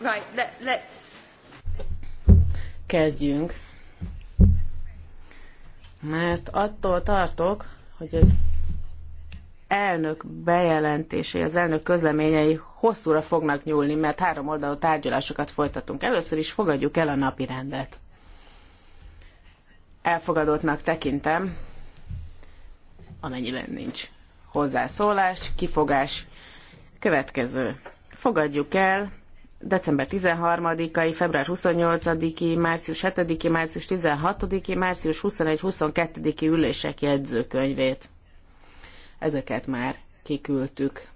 Right, let, let's... Kezdjünk. Mert attól tartok, hogy az elnök bejelentései, az elnök közleményei hosszúra fognak nyúlni, mert három oldalú tárgyalásokat folytatunk. Először is fogadjuk el a napi rendet. Elfogadottnak tekintem, amennyiben nincs hozzászólás, kifogás. Következő. Fogadjuk el december 13-ai, február 28-i, március 7-i, március 16-i, március 21-22-i ülések jegyzőkönyvét. Ezeket már kiküldtük.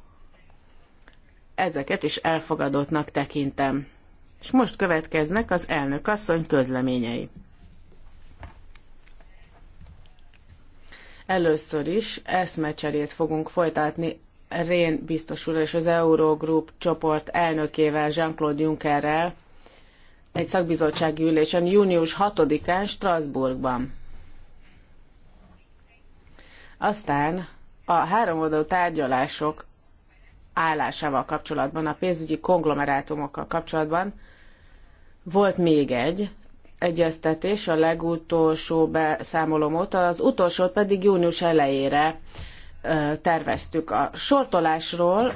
Ezeket is elfogadottnak tekintem. És most következnek az elnök asszony közleményei. Először is eszmecserét fogunk folytatni Rén biztos úr és az Eurogroup csoport elnökével, Jean-Claude Junckerrel egy szakbizottsági ülésen június 6-án Strasbourgban. Aztán a háromoldalú tárgyalások állásával kapcsolatban, a pénzügyi konglomerátumokkal kapcsolatban volt még egy egyeztetés, a legutolsó beszámolom óta, az utolsót pedig június elejére terveztük. A sortolásról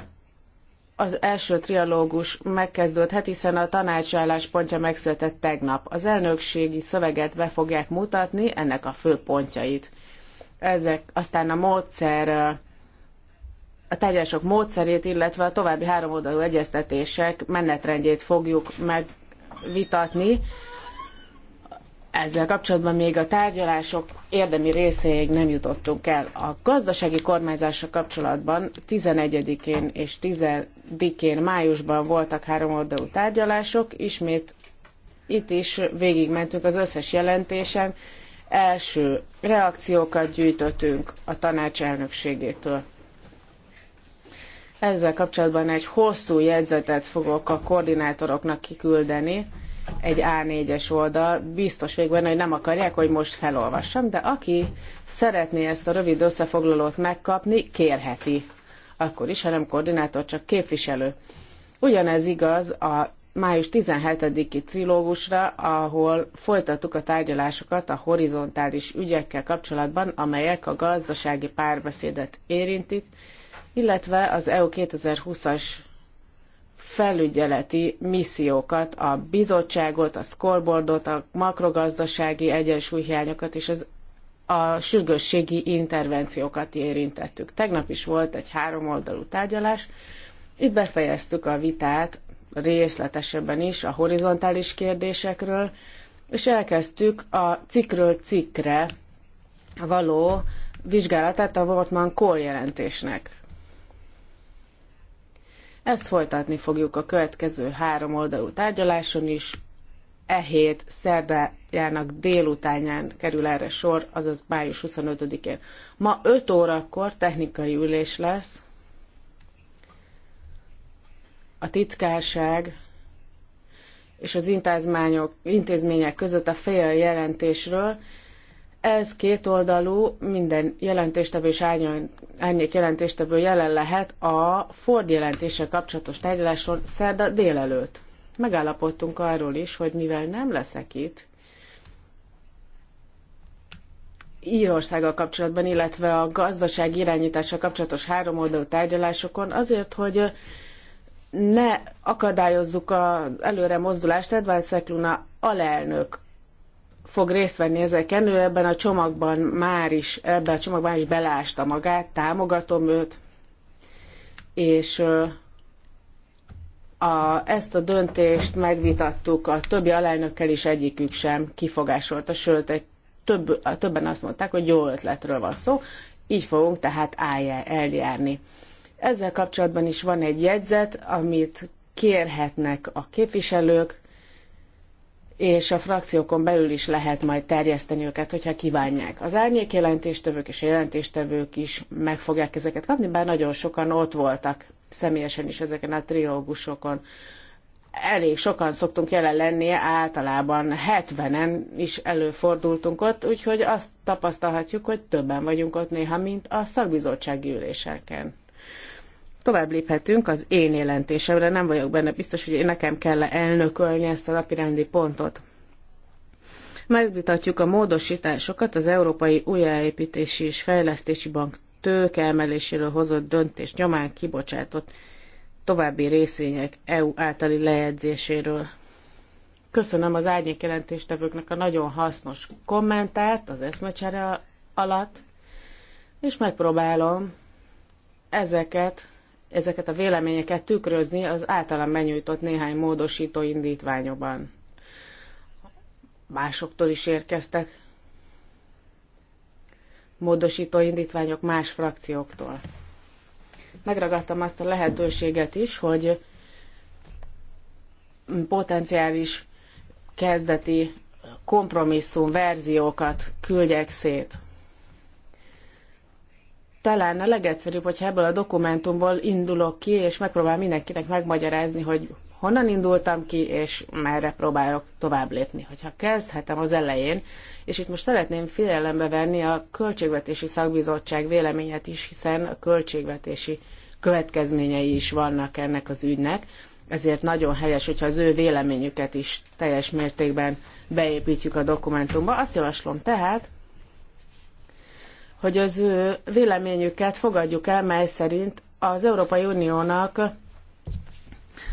az első trialógus megkezdődhet, hiszen a tanács álláspontja megszületett tegnap. Az elnökségi szöveget be fogják mutatni, ennek a fő pontjait. Ezek aztán a módszer, a tárgyalások módszerét, illetve a további háromoldalú egyeztetések menetrendjét fogjuk megvitatni ezzel kapcsolatban még a tárgyalások érdemi részéig nem jutottunk el. A gazdasági kormányzással kapcsolatban 11-én és 10-én májusban voltak három oldalú tárgyalások, ismét itt is végigmentünk az összes jelentésen, első reakciókat gyűjtöttünk a tanács elnökségétől. Ezzel kapcsolatban egy hosszú jegyzetet fogok a koordinátoroknak kiküldeni, egy A4-es oldal, biztos végül, benne, hogy nem akarják, hogy most felolvassam, de aki szeretné ezt a rövid összefoglalót megkapni, kérheti. Akkor is, ha nem koordinátor, csak képviselő. Ugyanez igaz a május 17-i trilógusra, ahol folytattuk a tárgyalásokat a horizontális ügyekkel kapcsolatban, amelyek a gazdasági párbeszédet érintik, illetve az EU 2020-as felügyeleti missziókat, a bizottságot, a scoreboardot, a makrogazdasági egyensúlyhiányokat és az, a sürgősségi intervenciókat érintettük. Tegnap is volt egy háromoldalú tárgyalás. Itt befejeztük a vitát részletesebben is a horizontális kérdésekről, és elkezdtük a cikről cikkre való vizsgálatát a Wortmann Kohl jelentésnek. Ezt folytatni fogjuk a következő három oldalú tárgyaláson is. E hét szerdájának délutánján kerül erre sor, azaz május 25-én. Ma 5 órakor technikai ülés lesz. A titkárság és az intézmények között a fél jelentésről, ez kétoldalú minden jelentéstevő és árnyék jelentéstevő jelen lehet a Ford jelentéssel kapcsolatos tárgyaláson szerda délelőtt. Megállapodtunk arról is, hogy mivel nem leszek itt, Írországgal kapcsolatban, illetve a gazdaság irányítása kapcsolatos három oldalú tárgyalásokon, azért, hogy ne akadályozzuk az előre mozdulást. Edvard Szekluna alelnök fog részt venni ezeken, ő ebben a csomagban már is, ebben a csomagban is belásta magát, támogatom őt, és a, ezt a döntést megvitattuk, a többi alelnökkel is egyikük sem kifogásolta, sőt, egy több, többen azt mondták, hogy jó ötletről van szó, így fogunk tehát eljárni. Ezzel kapcsolatban is van egy jegyzet, amit kérhetnek a képviselők, és a frakciókon belül is lehet majd terjeszteni őket, hogyha kívánják. Az árnyék jelentéstevők és jelentéstevők is meg fogják ezeket kapni, bár nagyon sokan ott voltak személyesen is ezeken a trilógusokon. Elég sokan szoktunk jelen lenni, általában 70-en is előfordultunk ott, úgyhogy azt tapasztalhatjuk, hogy többen vagyunk ott néha, mint a szakbizottsági üléseken. Tovább léphetünk az én jelentésemre, nem vagyok benne biztos, hogy nekem kell -e elnökölni ezt a napirendi pontot. Megvitatjuk a módosításokat az Európai Újjáépítési és Fejlesztési Bank tőkeemeléséről hozott döntés nyomán kibocsátott további részvények EU általi lejegyzéséről. Köszönöm az árnyék jelentéstevőknek a nagyon hasznos kommentárt az eszmecsere alatt, és megpróbálom ezeket ezeket a véleményeket tükrözni az általam benyújtott néhány módosító indítványokban. Másoktól is érkeztek módosító indítványok más frakcióktól. Megragadtam azt a lehetőséget is, hogy potenciális kezdeti kompromisszum verziókat küldjek szét talán a legegyszerűbb, hogyha ebből a dokumentumból indulok ki, és megpróbál mindenkinek megmagyarázni, hogy honnan indultam ki, és merre próbálok tovább lépni. Hogyha kezdhetem az elején, és itt most szeretném figyelembe venni a Költségvetési Szakbizottság véleményet is, hiszen a költségvetési következményei is vannak ennek az ügynek, ezért nagyon helyes, hogyha az ő véleményüket is teljes mértékben beépítjük a dokumentumba. Azt javaslom tehát, hogy az ő véleményüket fogadjuk el, mely szerint az Európai Uniónak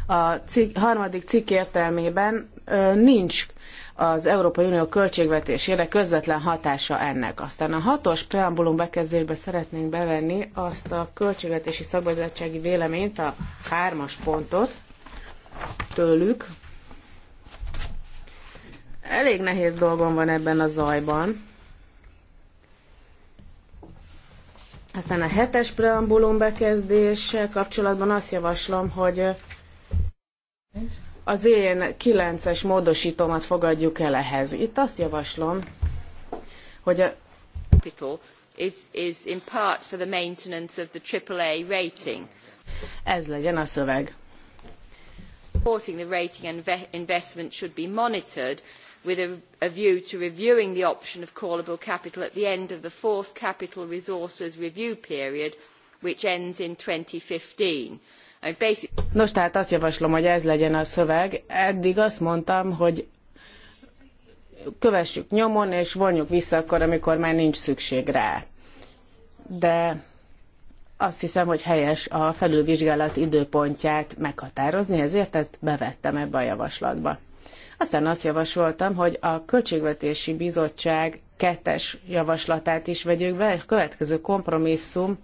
a cik, harmadik cikk értelmében nincs az Európai Unió költségvetésére közvetlen hatása ennek. Aztán a hatos preambulum bekezdésbe szeretnénk bevenni azt a költségvetési szakbizottsági véleményt, a hármas pontot tőlük. Elég nehéz dolgom van ebben a zajban. Aztán a hetes preambulum bekezdés kapcsolatban azt javaslom, hogy az én kilences módosítómat fogadjuk el ehhez. Itt azt javaslom, hogy a is, is in part for the maintenance of the AAA rating. Ez legyen a szöveg. Supporting the rating and investment should be monitored with a, a view to reviewing the option of callable capital at the end of the fourth capital resources review period, which ends in 2015. Nos, tehát azt javaslom, hogy ez legyen a szöveg. Eddig azt mondtam, hogy kövessük nyomon, és vonjuk vissza akkor, amikor már nincs szükség rá. De azt hiszem, hogy helyes a felülvizsgálat időpontját meghatározni, ezért ezt bevettem ebbe a javaslatba. Aztán azt javasoltam, hogy a Költségvetési Bizottság kettes javaslatát is vegyük be, a következő kompromisszum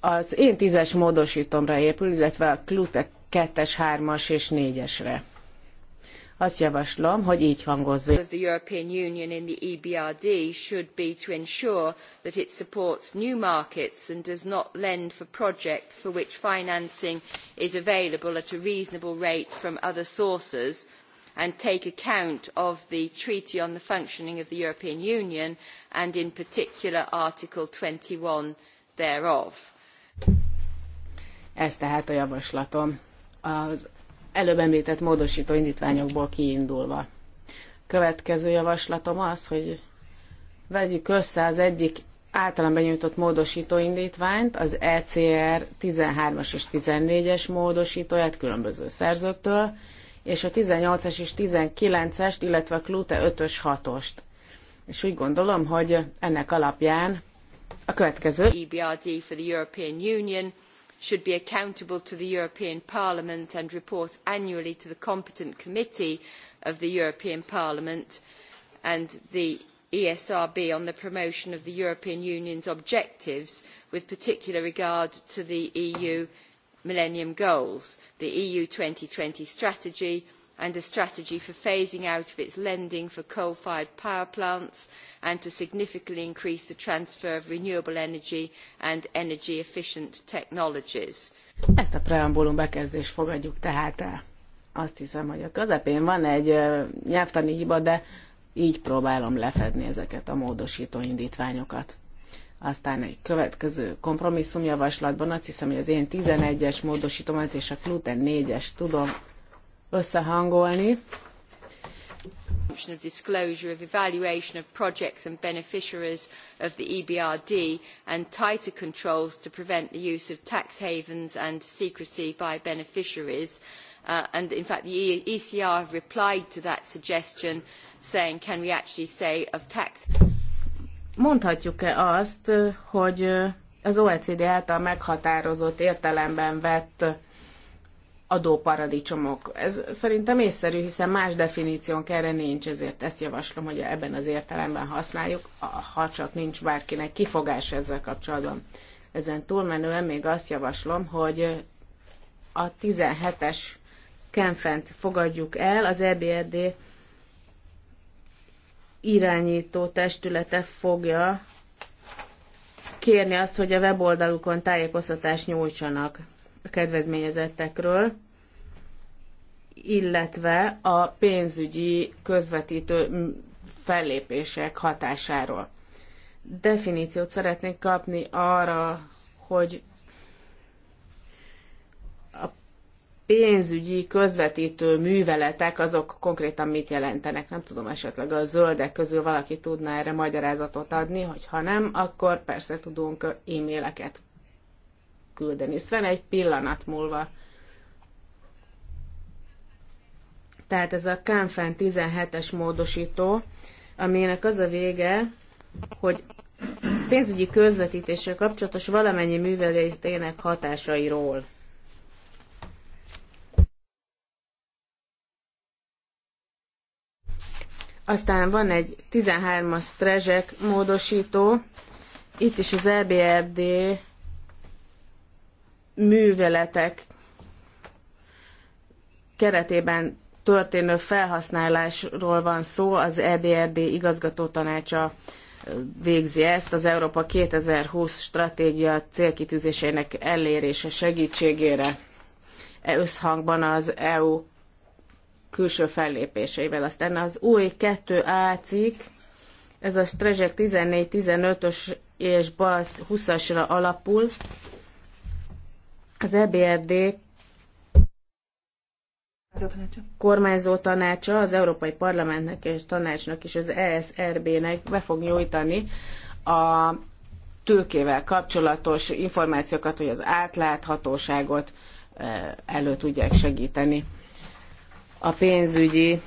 az én tízes módosítomra épül, illetve a Klute 2-es, as és négyesre. esre Azt javaslom, hogy így hangozzon. The European Union in the EBRD should be to ensure that it supports new markets and does not lend for projects for which financing is available at a reasonable rate from other sources – and take account of the Treaty on the Functioning of the European Union and in particular Article twenty one thereof. Ez tehát a javaslatom az előbb említett módosító indítványokból kiindulva. Következő javaslatom az, hogy vegyük össze az egyik általán benyújtott módosító indítványt, az ECR 13-as és 14-es módosítóját különböző szerzőktől, és a 18-as és 19-est, illetve a Klute 5-ös 6-ost. És úgy gondolom, hogy ennek alapján a következő EBRD for the European Union should be accountable to the European Parliament and report annually to the competent committee of the European Parliament and the ESRB on the promotion of the European Union's objectives with particular regard to the EU Millennium Goals, the EU 2020 strategy, and a strategy for phasing out of its lending for coal-fired power plants and to significantly increase the transfer of renewable energy and energy efficient technologies. Ezt a preambulum bekezdést fogadjuk tehát el. Azt hiszem, hogy a közepén van egy nyelvtani hiba, de így próbálom lefedni ezeket a módosító indítványokat. Aztán egy következő kompromisszumjavaslatban azt hiszem, hogy az én 11-es módosítomat és a gluten 4-es tudom összehangolni. Of disclosure of evaluation of projects and beneficiaries of the EBRD and tighter controls to prevent the use of tax havens and secrecy by beneficiaries. Uh, and in fact, the ECR e replied to that suggestion saying, can we actually say of tax mondhatjuk-e azt, hogy az OECD által meghatározott értelemben vett adóparadicsomok. Ez szerintem észszerű, hiszen más definíciónk erre nincs, ezért ezt javaslom, hogy ebben az értelemben használjuk, ha csak nincs bárkinek kifogás ezzel kapcsolatban. Ezen túlmenően még azt javaslom, hogy a 17-es Kenfent fogadjuk el, az EBRD e irányító testülete fogja kérni azt, hogy a weboldalukon tájékoztatást nyújtsanak a kedvezményezettekről, illetve a pénzügyi közvetítő fellépések hatásáról. Definíciót szeretnék kapni arra, hogy pénzügyi közvetítő műveletek, azok konkrétan mit jelentenek? Nem tudom, esetleg a zöldek közül valaki tudna erre magyarázatot adni, hogy ha nem, akkor persze tudunk e-maileket küldeni. Sven egy pillanat múlva. Tehát ez a Kánfen 17-es módosító, aminek az a vége, hogy pénzügyi közvetítéssel kapcsolatos valamennyi műveletének hatásairól. Aztán van egy 13-as Trezsek módosító, itt is az EBRD műveletek keretében történő felhasználásról van szó, az EBRD igazgató tanácsa végzi ezt az Európa 2020 stratégia célkitűzésének elérése segítségére. E összhangban az EU külső fellépéseivel. Aztán az új 2A cikk, ez a Strezsek 14-15-ös és Balsz 20-asra alapul. Az EBRD kormányzó tanácsa az Európai Parlamentnek és tanácsnak és az ESRB-nek be fog nyújtani a tőkével kapcsolatos információkat, hogy az átláthatóságot eh, elő tudják segíteni a pénzügyi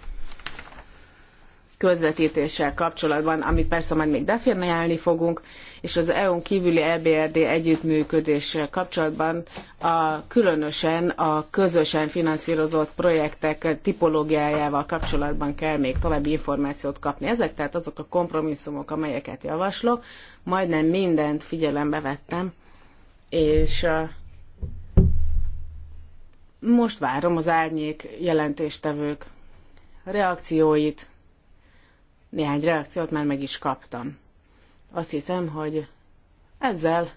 közvetítéssel kapcsolatban, ami persze majd még definiálni fogunk, és az EU-n kívüli EBRD együttműködéssel kapcsolatban a, különösen a közösen finanszírozott projektek tipológiájával kapcsolatban kell még további információt kapni. Ezek tehát azok a kompromisszumok, amelyeket javaslok, majdnem mindent figyelembe vettem, és most várom az árnyék jelentéstevők reakcióit. Néhány reakciót már meg is kaptam. Azt hiszem, hogy ezzel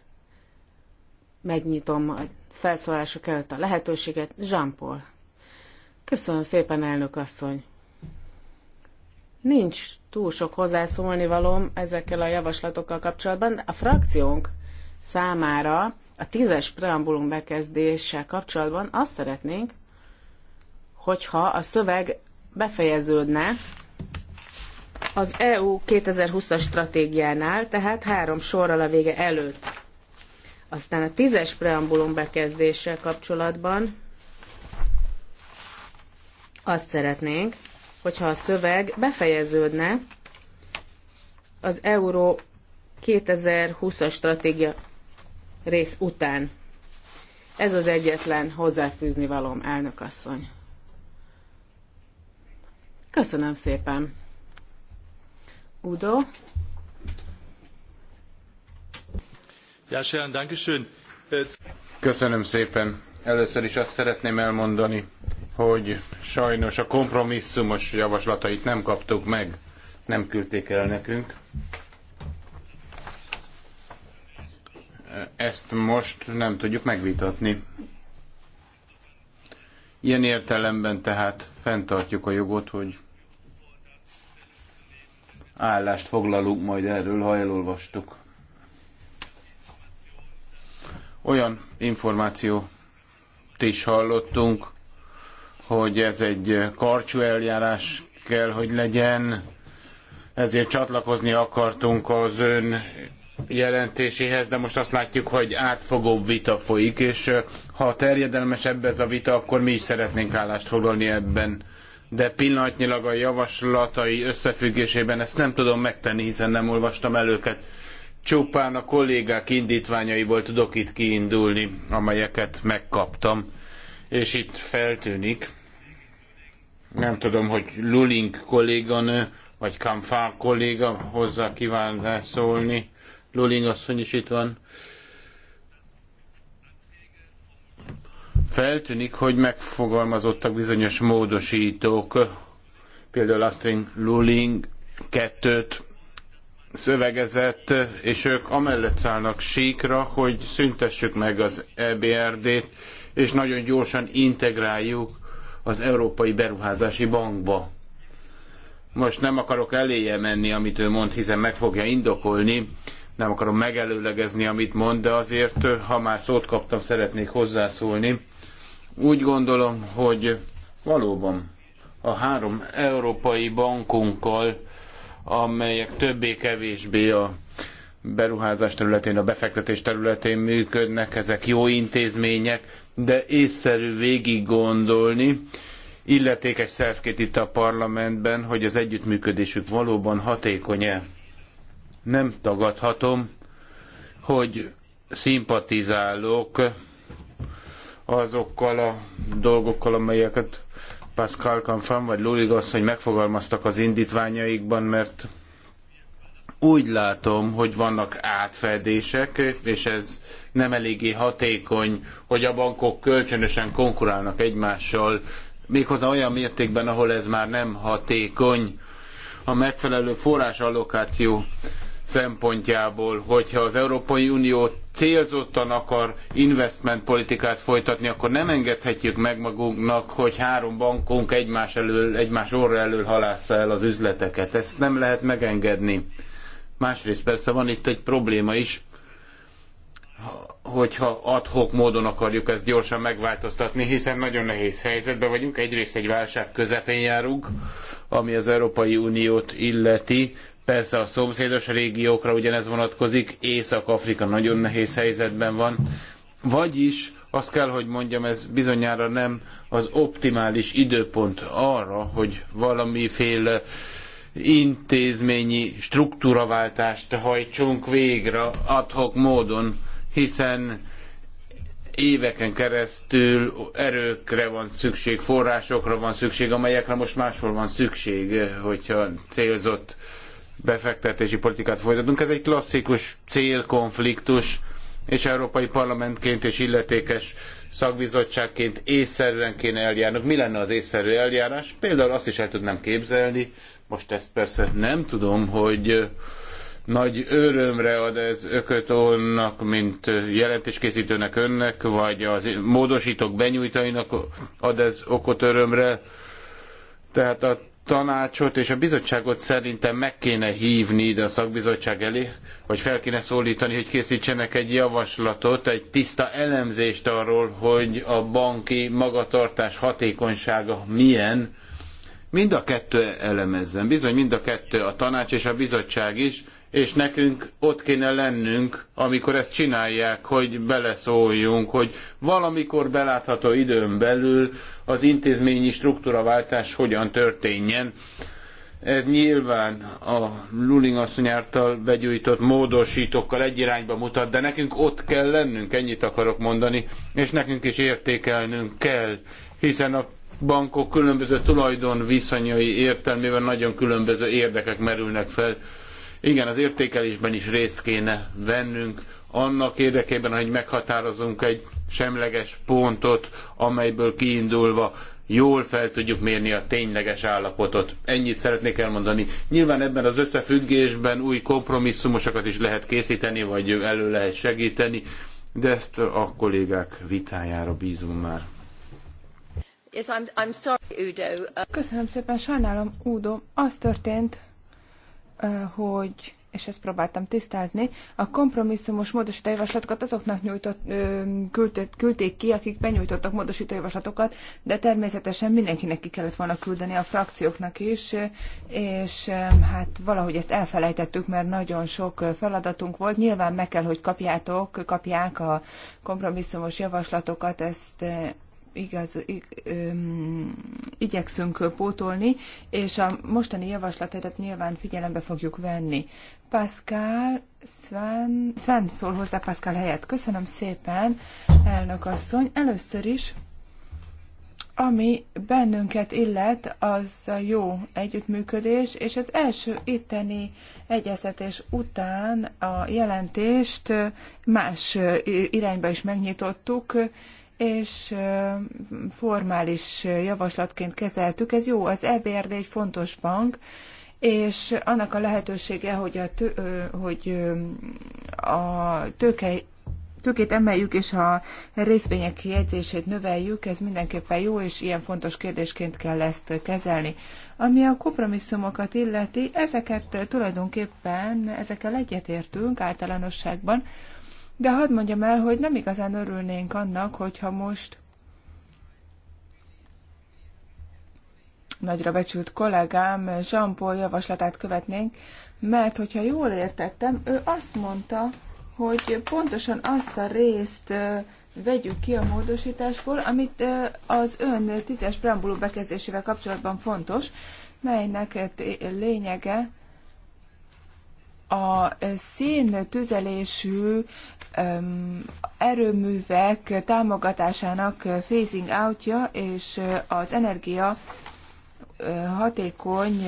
megnyitom a felszólások előtt a lehetőséget. Jean-Paul. Köszönöm szépen, elnök asszony. Nincs túl sok hozzászólni valóm ezekkel a javaslatokkal kapcsolatban. A frakciónk számára a tízes preambulum bekezdéssel kapcsolatban azt szeretnénk, hogyha a szöveg befejeződne az EU 2020-as stratégiánál, tehát három sorral a vége előtt. Aztán a tízes preambulum bekezdéssel kapcsolatban azt szeretnénk, hogyha a szöveg befejeződne az Euró 2020-as stratégia rész után. Ez az egyetlen hozzáfűzni valóm, elnök asszony. Köszönöm szépen. Udo. Ja, schön, danke schön. Köszönöm szépen. Először is azt szeretném elmondani, hogy sajnos a kompromisszumos javaslatait nem kaptuk meg, nem küldték el nekünk. ezt most nem tudjuk megvitatni. Ilyen értelemben tehát fenntartjuk a jogot, hogy állást foglalunk majd erről, ha elolvastuk. Olyan információt is hallottunk, hogy ez egy karcsú eljárás kell, hogy legyen, ezért csatlakozni akartunk az ön jelentéséhez, de most azt látjuk, hogy átfogóbb vita folyik, és ha terjedelmesebb ez a vita, akkor mi is szeretnénk állást foglalni ebben. De pillanatnyilag a javaslatai összefüggésében ezt nem tudom megtenni, hiszen nem olvastam el őket. Csupán a kollégák indítványaiból tudok itt kiindulni, amelyeket megkaptam. És itt feltűnik, nem tudom, hogy Luling kolléganő, vagy Kamfá kolléga hozzá kíván szólni Luling asszony is itt van. Feltűnik, hogy megfogalmazottak bizonyos módosítók, például Astring Luling kettőt szövegezett, és ők amellett szállnak síkra, hogy szüntessük meg az EBRD-t, és nagyon gyorsan integráljuk az Európai Beruházási Bankba. Most nem akarok eléje menni, amit ő mond, hiszen meg fogja indokolni, nem akarom megelőlegezni, amit mond, de azért, ha már szót kaptam, szeretnék hozzászólni. Úgy gondolom, hogy valóban a három európai bankunkkal, amelyek többé-kevésbé a beruházás területén, a befektetés területén működnek, ezek jó intézmények, de észszerű végig gondolni, illetékes szervkét itt a parlamentben, hogy az együttműködésük valóban hatékony-e nem tagadhatom, hogy szimpatizálok azokkal a dolgokkal, amelyeket Pascal Canfan vagy Lulig hogy megfogalmaztak az indítványaikban, mert úgy látom, hogy vannak átfedések, és ez nem eléggé hatékony, hogy a bankok kölcsönösen konkurálnak egymással, méghozzá olyan mértékben, ahol ez már nem hatékony. A megfelelő forrásallokáció szempontjából, hogyha az Európai Unió célzottan akar investment politikát folytatni, akkor nem engedhetjük meg magunknak, hogy három bankunk egymás, elől, egymás orra elől halássza el az üzleteket. Ezt nem lehet megengedni. Másrészt persze van itt egy probléma is, hogyha adhok módon akarjuk ezt gyorsan megváltoztatni, hiszen nagyon nehéz helyzetben vagyunk. Egyrészt egy válság közepén járunk, ami az Európai Uniót illeti, Persze a szomszédos régiókra ugyanez vonatkozik, Észak-Afrika nagyon nehéz helyzetben van. Vagyis azt kell, hogy mondjam, ez bizonyára nem az optimális időpont arra, hogy valamiféle intézményi struktúraváltást hajtsunk végre adhok módon, hiszen éveken keresztül erőkre van szükség, forrásokra van szükség, amelyekre most máshol van szükség, hogyha célzott befektetési politikát folytatunk. Ez egy klasszikus célkonfliktus, és Európai Parlamentként és illetékes szakbizottságként észszerűen kéne eljárnunk. Mi lenne az észszerű eljárás? Például azt is el tudnám képzelni, most ezt persze nem tudom, hogy nagy örömre ad ez Ökötónnak, mint jelentéskészítőnek önnek, vagy az módosítók benyújtainak ad ez okot örömre. Tehát a tanácsot és a bizottságot szerintem meg kéne hívni ide a szakbizottság elé, vagy fel kéne szólítani, hogy készítsenek egy javaslatot, egy tiszta elemzést arról, hogy a banki magatartás hatékonysága milyen. Mind a kettő elemezzen. Bizony mind a kettő, a tanács és a bizottság is és nekünk ott kéne lennünk, amikor ezt csinálják, hogy beleszóljunk, hogy valamikor belátható időn belül az intézményi struktúraváltás hogyan történjen. Ez nyilván a Luling asszony által begyújtott módosítókkal egy irányba mutat, de nekünk ott kell lennünk, ennyit akarok mondani, és nekünk is értékelnünk kell, hiszen a bankok különböző tulajdon viszonyai értelmében nagyon különböző érdekek merülnek fel igen, az értékelésben is részt kéne vennünk, annak érdekében, hogy meghatározunk egy semleges pontot, amelyből kiindulva jól fel tudjuk mérni a tényleges állapotot. Ennyit szeretnék elmondani. Nyilván ebben az összefüggésben új kompromisszumosokat is lehet készíteni, vagy elő lehet segíteni, de ezt a kollégák vitájára bízom már. Köszönöm szépen, sajnálom, Udo. Az történt, hogy és ezt próbáltam tisztázni, a kompromisszumos módosítójavaslatokat azoknak nyújtott, küldtött, küldték ki, akik benyújtottak módosítójavaslatokat, de természetesen mindenkinek ki kellett volna küldeni, a frakcióknak is, és hát valahogy ezt elfelejtettük, mert nagyon sok feladatunk volt. Nyilván meg kell, hogy kapjátok, kapják a kompromisszumos javaslatokat, ezt igaz, ig, öm, igyekszünk pótolni, és a mostani javaslatot nyilván figyelembe fogjuk venni. Pascal, Sven, Sven szól hozzá Pascal helyett. Köszönöm szépen, elnök asszony. Először is, ami bennünket illet, az a jó együttműködés, és az első itteni egyeztetés után a jelentést más irányba is megnyitottuk, és formális javaslatként kezeltük. Ez jó, az EBRD egy fontos bank, és annak a lehetősége, hogy a, tő, hogy a tőke, tőkét emeljük, és a részvények kijegyzését növeljük, ez mindenképpen jó, és ilyen fontos kérdésként kell ezt kezelni. Ami a kompromisszumokat illeti, ezeket tulajdonképpen, ezekkel egyetértünk általánosságban, de hadd mondjam el, hogy nem igazán örülnénk annak, hogyha most nagyra becsült kollégám Jean-Paul javaslatát követnénk, mert hogyha jól értettem, ő azt mondta, hogy pontosan azt a részt vegyük ki a módosításból, amit az ön tízes preambuló bekezdésével kapcsolatban fontos, melynek lényege a szén tüzelésű erőművek támogatásának phasing outja és az energia hatékony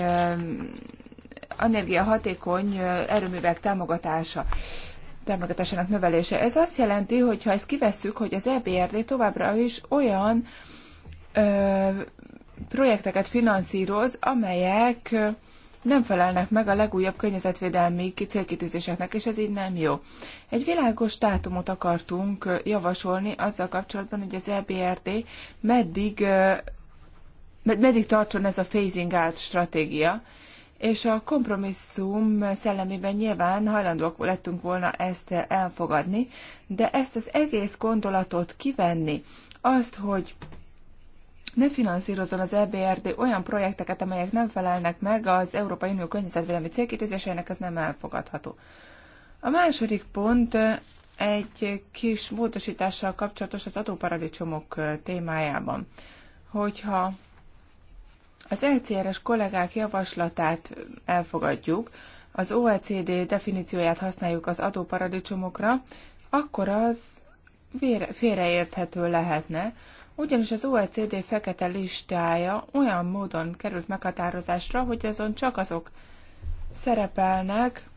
energia hatékony erőművek támogatása támogatásának növelése. Ez azt jelenti, hogy ha ezt kivesszük, hogy az EBRD továbbra is olyan ö, projekteket finanszíroz, amelyek nem felelnek meg a legújabb környezetvédelmi célkitűzéseknek, és ez így nem jó. Egy világos dátumot akartunk javasolni azzal kapcsolatban, hogy az EBRD meddig, meddig tartson ez a phasing out stratégia, és a kompromisszum szellemében nyilván hajlandóak lettünk volna ezt elfogadni, de ezt az egész gondolatot kivenni, azt, hogy ne finanszírozon az EBRD olyan projekteket, amelyek nem felelnek meg az Európai Unió környezetvédelmi célkitűzéseinek, ez nem elfogadható. A második pont egy kis módosítással kapcsolatos az adóparadicsomok témájában. Hogyha az ECRS kollégák javaslatát elfogadjuk, az OECD definícióját használjuk az adóparadicsomokra, akkor az félreérthető lehetne, ugyanis az OECD fekete listája olyan módon került meghatározásra, hogy azon csak azok szerepelnek,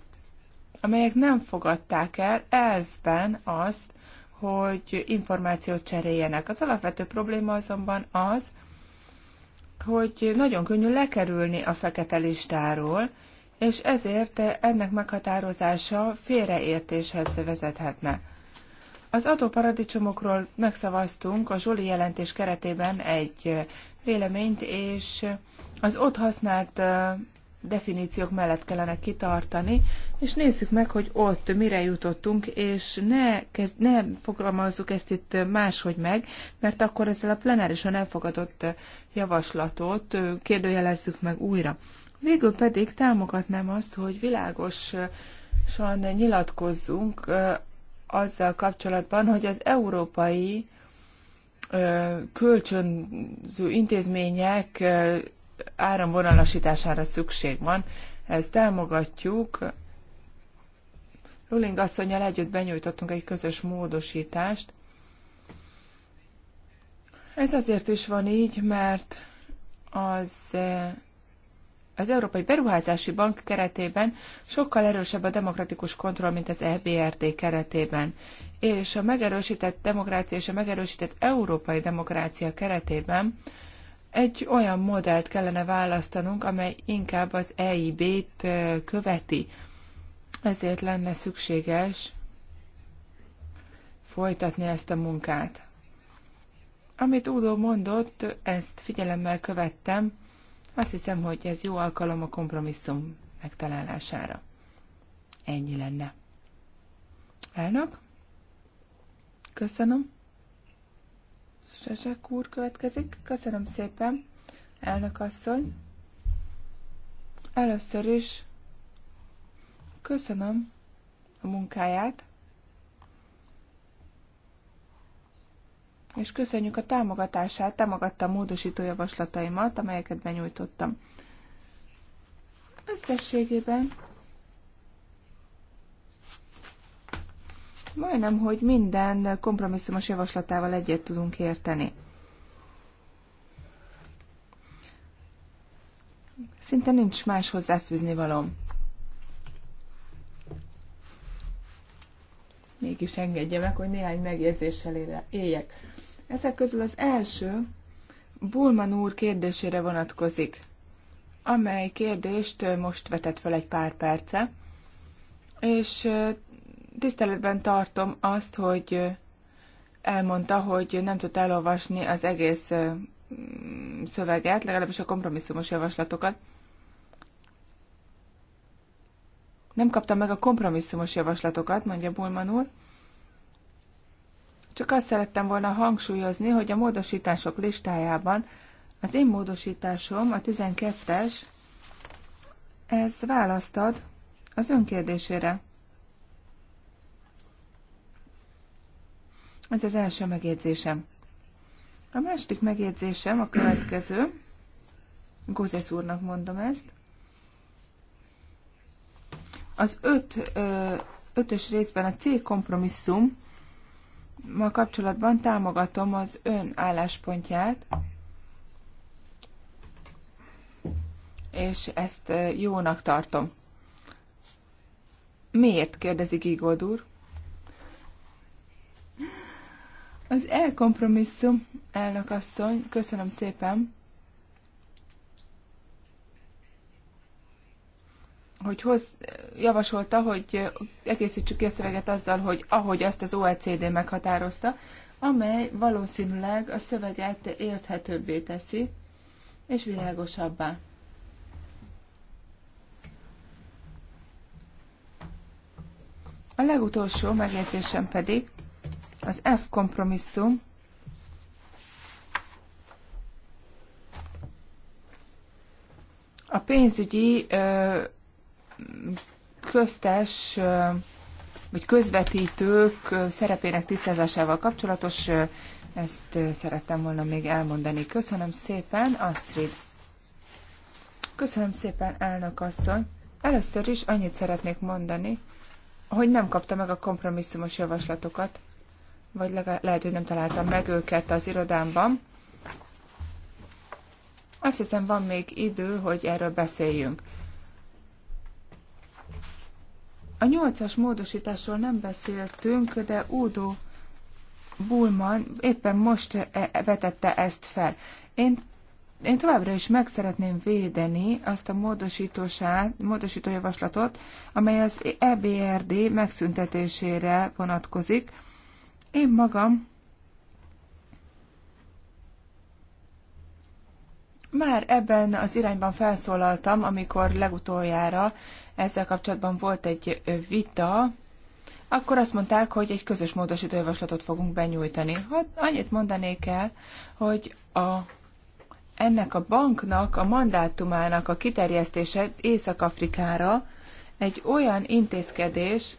amelyek nem fogadták el elvben azt, hogy információt cseréljenek. Az alapvető probléma azonban az, hogy nagyon könnyű lekerülni a fekete listáról, és ezért ennek meghatározása félreértéshez vezethetne. Az adóparadicsomokról megszavaztunk a Zsoli jelentés keretében egy véleményt, és az ott használt definíciók mellett kellene kitartani, és nézzük meg, hogy ott mire jutottunk, és ne, kezd, ne fogalmazzuk ezt itt máshogy meg, mert akkor ezzel a plenárison elfogadott javaslatot kérdőjelezzük meg újra. Végül pedig támogatnám azt, hogy világosan nyilatkozzunk azzal kapcsolatban, hogy az európai kölcsönző intézmények áramvonalasítására szükség van. Ezt támogatjuk. Ruling asszonyjal együtt benyújtottunk egy közös módosítást. Ez azért is van így, mert az az Európai Beruházási Bank keretében sokkal erősebb a demokratikus kontroll, mint az EBRD keretében. És a megerősített demokrácia és a megerősített európai demokrácia keretében egy olyan modellt kellene választanunk, amely inkább az EIB-t követi. Ezért lenne szükséges folytatni ezt a munkát. Amit Udo mondott, ezt figyelemmel követtem, azt hiszem, hogy ez jó alkalom a kompromisszum megtalálására. Ennyi lenne. Elnök? Köszönöm. Sezsek úr következik. Köszönöm szépen, elnök asszony. Először is köszönöm a munkáját. és köszönjük a támogatását, támogatta a módosító javaslataimat, amelyeket benyújtottam. Összességében majdnem, hogy minden kompromisszumos javaslatával egyet tudunk érteni. Szinte nincs más hozzáfűzni valom. mégis engedje meg, hogy néhány megjegyzéssel éljek. Ezek közül az első Bulman úr kérdésére vonatkozik, amely kérdést most vetett fel egy pár perce, és tiszteletben tartom azt, hogy elmondta, hogy nem tud elolvasni az egész szöveget, legalábbis a kompromisszumos javaslatokat. Nem kaptam meg a kompromisszumos javaslatokat, mondja Bulman úr. Csak azt szerettem volna hangsúlyozni, hogy a módosítások listájában az én módosításom, a 12-es, ez választad az önkérdésére. Ez az első megjegyzésem. A második megjegyzésem a következő. Gózes úrnak mondom ezt. Az öt, ö, ötös részben a C kompromisszum ma kapcsolatban támogatom az ön álláspontját, és ezt jónak tartom. Miért? kérdezi Gigold úr. Az elkompromisszum, elnök asszony, köszönöm szépen. hogy hoz, javasolta, hogy egészítsük ki a szöveget azzal, hogy ahogy azt az OECD meghatározta, amely valószínűleg a szöveget érthetőbbé teszi, és világosabbá. A legutolsó megértésem pedig az F kompromisszum, a pénzügyi ö, köztes vagy közvetítők szerepének tisztázásával kapcsolatos, ezt szerettem volna még elmondani. Köszönöm szépen, Astrid. Köszönöm szépen, elnök asszony. Először is annyit szeretnék mondani, hogy nem kapta meg a kompromisszumos javaslatokat, vagy lehet, hogy nem találtam meg őket az irodámban. Azt hiszem, van még idő, hogy erről beszéljünk. A nyolcas módosításról nem beszéltünk, de Udo Bulman éppen most e, e, vetette ezt fel. Én, én továbbra is meg szeretném védeni azt a módosító javaslatot, amely az EBRD megszüntetésére vonatkozik. Én magam már ebben az irányban felszólaltam, amikor legutoljára ezzel kapcsolatban volt egy vita, akkor azt mondták, hogy egy közös javaslatot fogunk benyújtani. Hát annyit mondanék el, hogy a, ennek a banknak a mandátumának a kiterjesztése Észak-Afrikára egy olyan intézkedés,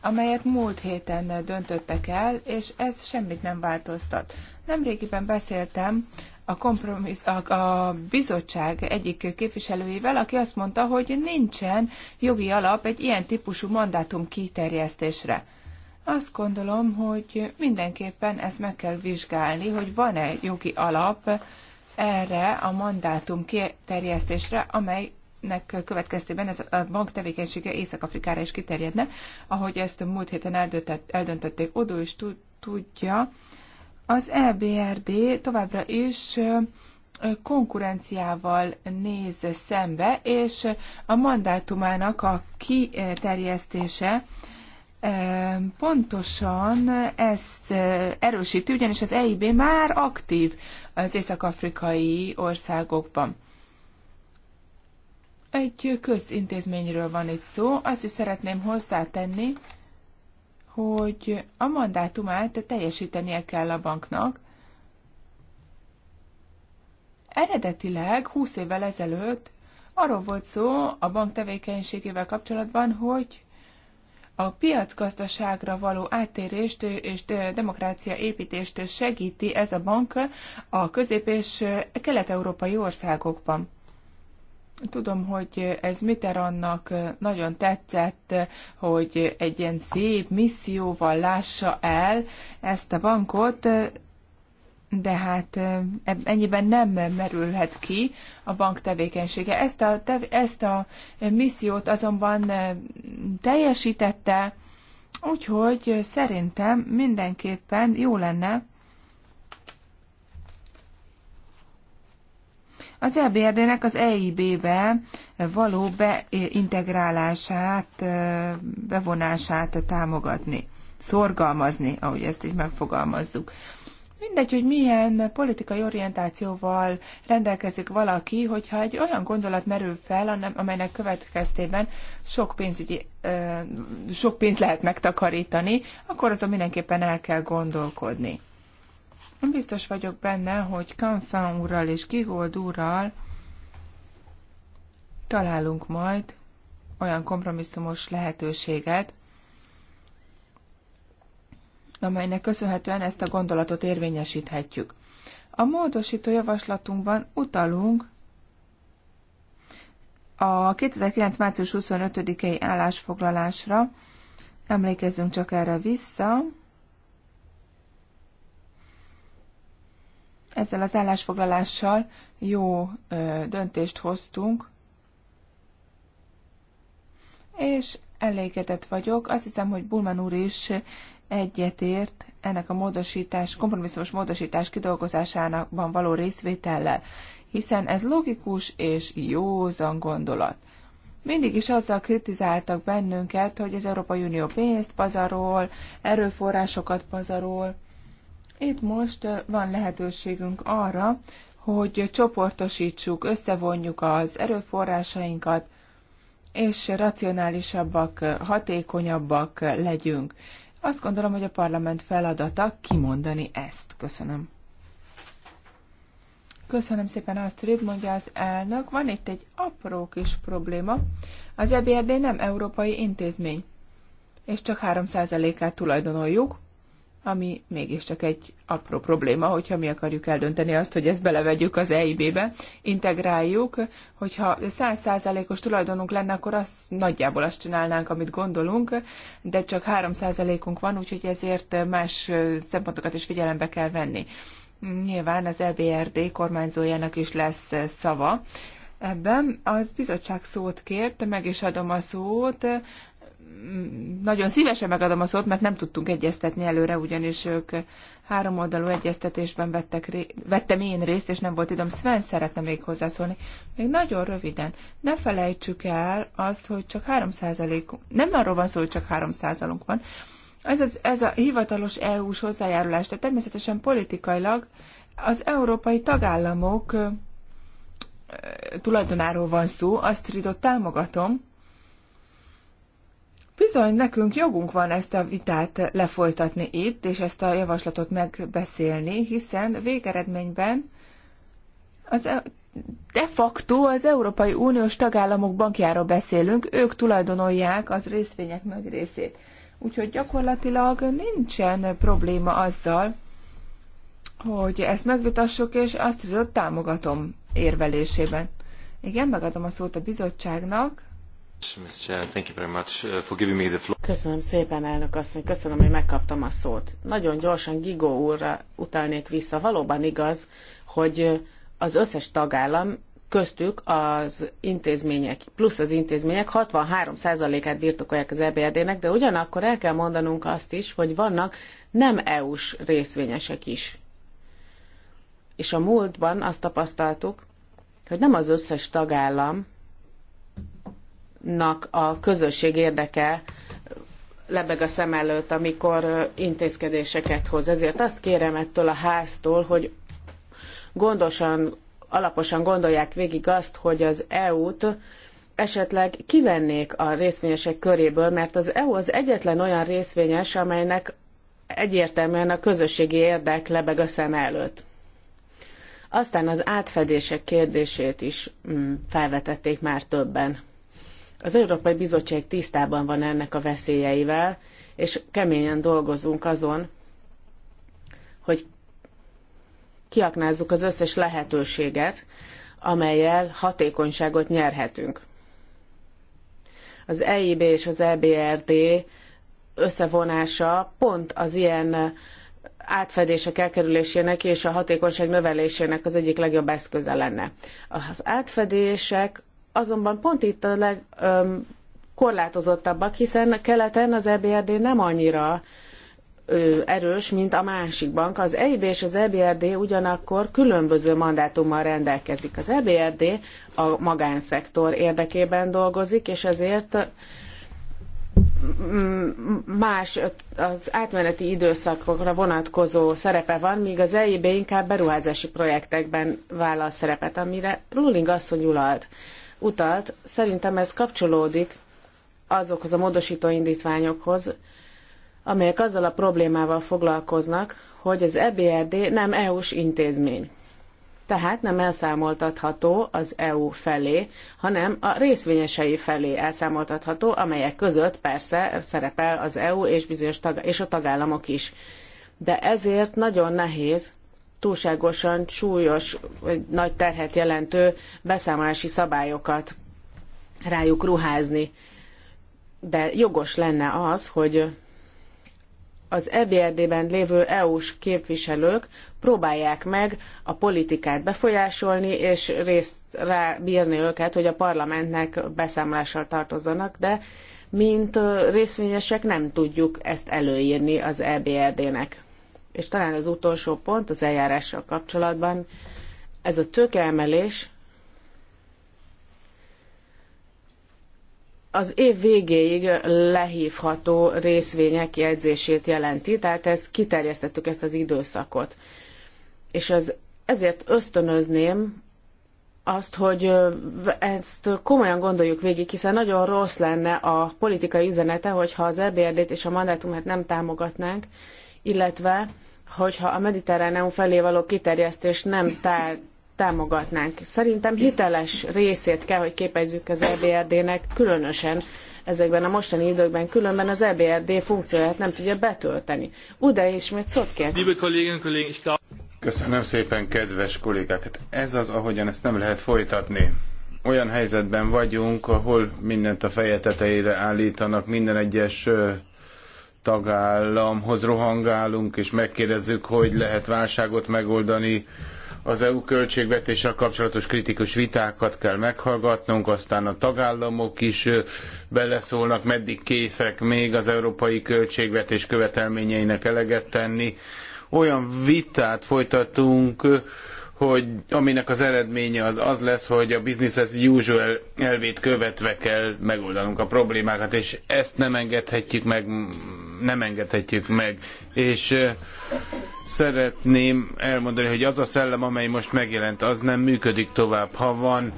amelyet múlt héten döntöttek el, és ez semmit nem változtat. Nemrégiben beszéltem a, kompromissz, a, a bizottság egyik képviselőjével, aki azt mondta, hogy nincsen jogi alap egy ilyen típusú mandátum kiterjesztésre. Azt gondolom, hogy mindenképpen ezt meg kell vizsgálni, hogy van-e jogi alap erre a mandátum kiterjesztésre, amely nek következtében ez a bank tevékenysége Észak-Afrikára is kiterjedne, ahogy ezt a múlt héten eldöntötték. Odó is tudja, az EBRD továbbra is konkurenciával néz szembe, és a mandátumának a kiterjesztése pontosan ezt erősíti, ugyanis az EIB már aktív az észak-afrikai országokban. Egy közintézményről van itt szó, azt is szeretném hozzátenni, hogy a mandátumát teljesítenie kell a banknak. Eredetileg 20 évvel ezelőtt arról volt szó a bank tevékenységével kapcsolatban, hogy a piacgazdaságra való áttérést és demokrácia építést segíti ez a bank a közép- és kelet-európai országokban. Tudom, hogy ez Mitterannak nagyon tetszett, hogy egy ilyen szép misszióval lássa el ezt a bankot, de hát ennyiben nem merülhet ki a bank tevékenysége. Ezt a, tev, ezt a missziót azonban teljesítette, úgyhogy szerintem mindenképpen jó lenne, Az EBRD-nek az EIB-be való beintegrálását, bevonását támogatni, szorgalmazni, ahogy ezt így megfogalmazzuk. Mindegy, hogy milyen politikai orientációval rendelkezik valaki, hogyha egy olyan gondolat merül fel, amelynek következtében sok, pénzügyi, sok pénz lehet megtakarítani, akkor azon mindenképpen el kell gondolkodni. Én biztos vagyok benne, hogy Kanfán úrral és Gigold úrral találunk majd olyan kompromisszumos lehetőséget, amelynek köszönhetően ezt a gondolatot érvényesíthetjük. A módosító javaslatunkban utalunk a 2009. március 25-i állásfoglalásra, emlékezzünk csak erre vissza, Ezzel az állásfoglalással jó döntést hoztunk, és elégedett vagyok. Azt hiszem, hogy Bulman úr is egyetért ennek a módosítás, kompromisszumos módosítás kidolgozásában való részvétellel, hiszen ez logikus és józan gondolat. Mindig is azzal kritizáltak bennünket, hogy az Európai Unió pénzt pazarol, erőforrásokat pazarol, itt most van lehetőségünk arra, hogy csoportosítsuk, összevonjuk az erőforrásainkat, és racionálisabbak, hatékonyabbak legyünk. Azt gondolom, hogy a parlament feladata kimondani ezt. Köszönöm. Köszönöm szépen, Astrid, mondja az elnök. Van itt egy apró kis probléma. Az EBRD nem európai intézmény, és csak 3%-át tulajdonoljuk ami mégiscsak egy apró probléma, hogyha mi akarjuk eldönteni azt, hogy ezt belevegyük az EIB-be, integráljuk, hogyha százszázalékos tulajdonunk lenne, akkor azt nagyjából azt csinálnánk, amit gondolunk, de csak százalékunk van, úgyhogy ezért más szempontokat is figyelembe kell venni. Nyilván az EBRD kormányzójának is lesz szava, Ebben az bizottság szót kért, meg is adom a szót nagyon szívesen megadom a szót, mert nem tudtunk egyeztetni előre, ugyanis ők három oldalú egyeztetésben vettek ré- vettem én részt, és nem volt időm. Sven szeretne még hozzászólni. Még nagyon röviden. Ne felejtsük el azt, hogy csak 3% nem arról van szó, hogy csak 3%-unk van. Ez, az, ez a hivatalos EU-s hozzájárulás, de természetesen politikailag az európai tagállamok tulajdonáról van szó, azt Astridot támogatom, Bizony, nekünk jogunk van ezt a vitát lefolytatni itt, és ezt a javaslatot megbeszélni, hiszen végeredményben az e- de facto az Európai Uniós tagállamok bankjáról beszélünk, ők tulajdonolják az részvények nagy részét. Úgyhogy gyakorlatilag nincsen probléma azzal, hogy ezt megvitassuk, és azt tudod, támogatom érvelésében. Igen, megadom a szót a bizottságnak. Köszönöm szépen, elnök asszony, köszönöm, hogy megkaptam a szót. Nagyon gyorsan Gigó úrra utalnék vissza. Valóban igaz, hogy az összes tagállam köztük az intézmények, plusz az intézmények 63%-át birtokolják az EBRD-nek, de ugyanakkor el kell mondanunk azt is, hogy vannak nem EU-s részvényesek is. És a múltban azt tapasztaltuk, hogy nem az összes tagállam nak a közösség érdeke lebeg a szem előtt, amikor intézkedéseket hoz. Ezért azt kérem ettől a háztól, hogy gondosan, alaposan gondolják végig azt, hogy az EU-t esetleg kivennék a részvényesek köréből, mert az EU az egyetlen olyan részvényes, amelynek egyértelműen a közösségi érdek lebeg a szem előtt. Aztán az átfedések kérdését is mm, felvetették már többen. Az Európai Bizottság tisztában van ennek a veszélyeivel, és keményen dolgozunk azon, hogy kiaknázzuk az összes lehetőséget, amelyel hatékonyságot nyerhetünk. Az EIB és az EBRD összevonása pont az ilyen átfedések elkerülésének és a hatékonyság növelésének az egyik legjobb eszköze lenne. Az átfedések azonban pont itt a legkorlátozottabbak, hiszen a keleten az EBRD nem annyira ö, erős, mint a másik bank. Az EIB és az EBRD ugyanakkor különböző mandátummal rendelkezik. Az EBRD a magánszektor érdekében dolgozik, és ezért mm, más az átmeneti időszakokra vonatkozó szerepe van, míg az EIB inkább beruházási projektekben vállal szerepet, amire Ruling asszony ulalt utalt. Szerintem ez kapcsolódik azokhoz a módosító indítványokhoz, amelyek azzal a problémával foglalkoznak, hogy az EBRD nem EU-s intézmény. Tehát nem elszámoltatható az EU felé, hanem a részvényesei felé elszámoltatható, amelyek között persze szerepel az EU és, bizonyos tag- és a tagállamok is. De ezért nagyon nehéz túlságosan súlyos, vagy nagy terhet jelentő beszámolási szabályokat rájuk ruházni. De jogos lenne az, hogy az EBRD-ben lévő EU-s képviselők próbálják meg a politikát befolyásolni, és részt rábírni őket, hogy a parlamentnek beszámolással tartozzanak, de mint részvényesek nem tudjuk ezt előírni az EBRD-nek. És talán az utolsó pont az eljárással kapcsolatban, ez a tőkeemelés az év végéig lehívható részvények jegyzését jelenti, tehát ez, kiterjesztettük ezt az időszakot. És az, ezért ösztönözném azt, hogy ezt komolyan gondoljuk végig, hiszen nagyon rossz lenne a politikai üzenete, hogyha az EBRD-t és a mandátumát nem támogatnánk, illetve hogyha a mediterráneum felé való kiterjesztést nem tár, támogatnánk. Szerintem hiteles részét kell, hogy képezzük az EBRD-nek, különösen ezekben a mostani időkben, különben az EBRD funkcióját nem tudja betölteni. Ude ismét szót kért. Köszönöm szépen, kedves kollégák! Hát ez az, ahogyan ezt nem lehet folytatni. Olyan helyzetben vagyunk, ahol mindent a feje tetejére állítanak, minden egyes tagállamhoz rohangálunk, és megkérdezzük, hogy lehet válságot megoldani. Az EU költségvetéssel kapcsolatos kritikus vitákat kell meghallgatnunk, aztán a tagállamok is beleszólnak, meddig készek még az európai költségvetés követelményeinek eleget tenni. Olyan vitát folytatunk, hogy aminek az eredménye az az lesz, hogy a business as usual elvét követve kell megoldanunk a problémákat, és ezt nem engedhetjük meg, nem engedhetjük meg. És szeretném elmondani, hogy az a szellem, amely most megjelent, az nem működik tovább. Ha van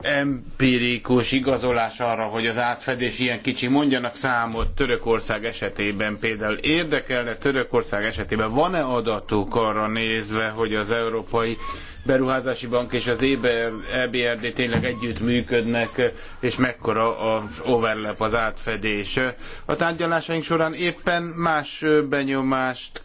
empirikus igazolás arra, hogy az átfedés ilyen kicsi. Mondjanak számot Törökország esetében például. Érdekelne Törökország esetében, van-e adatuk arra nézve, hogy az Európai Beruházási Bank és az EBRD e tényleg együtt működnek, és mekkora az overlap, az átfedés. A tárgyalásaink során éppen más benyomást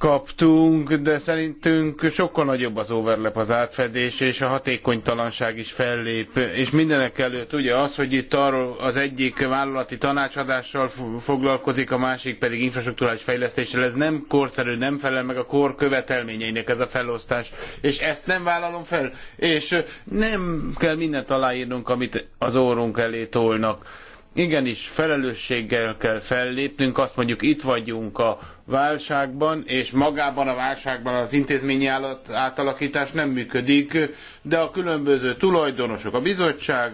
kaptunk, de szerintünk sokkal nagyobb az overlap, az átfedés, és a hatékonytalanság is fellép. És mindenek előtt ugye az, hogy itt arról az egyik vállalati tanácsadással foglalkozik, a másik pedig infrastruktúrális fejlesztéssel, ez nem korszerű, nem felel meg a kor követelményeinek ez a felosztás, és ezt nem vállalom fel, és nem kell mindent aláírnunk, amit az órunk elé tolnak. Igenis, felelősséggel kell fellépnünk, azt mondjuk itt vagyunk a válságban, és magában a válságban az intézményi átalakítás nem működik, de a különböző tulajdonosok, a bizottság,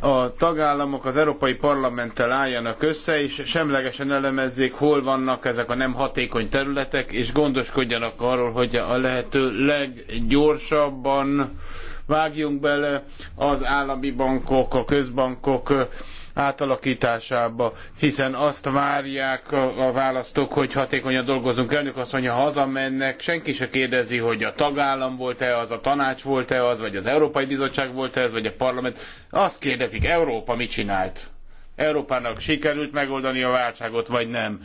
a tagállamok az Európai Parlamenttel álljanak össze, és semlegesen elemezzék, hol vannak ezek a nem hatékony területek, és gondoskodjanak arról, hogy a lehető leggyorsabban vágjunk bele az állami bankok, a közbankok átalakításába, hiszen azt várják a választók, hogy hatékonyan dolgozunk. Elnök azt mondja, ha hazamennek, senki se kérdezi, hogy a tagállam volt-e az, a tanács volt-e az, vagy az Európai Bizottság volt-e ez, vagy a parlament. Azt kérdezik, Európa mit csinált? Európának sikerült megoldani a válságot, vagy nem?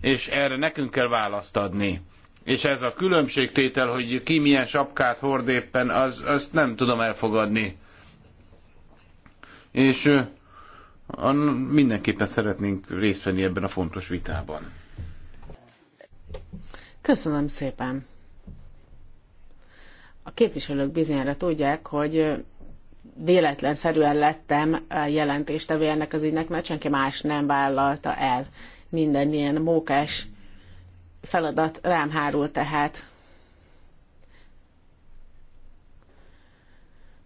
És erre nekünk kell választ adni. És ez a különbségtétel, hogy ki milyen sapkát hord éppen, az, azt nem tudom elfogadni. És mindenképpen szeretnénk részt venni ebben a fontos vitában. Köszönöm szépen. A képviselők bizonyára tudják, hogy véletlenszerűen lettem jelentéstevő ennek az ügynek, mert senki más nem vállalta el minden ilyen mókás feladat rám hárul tehát.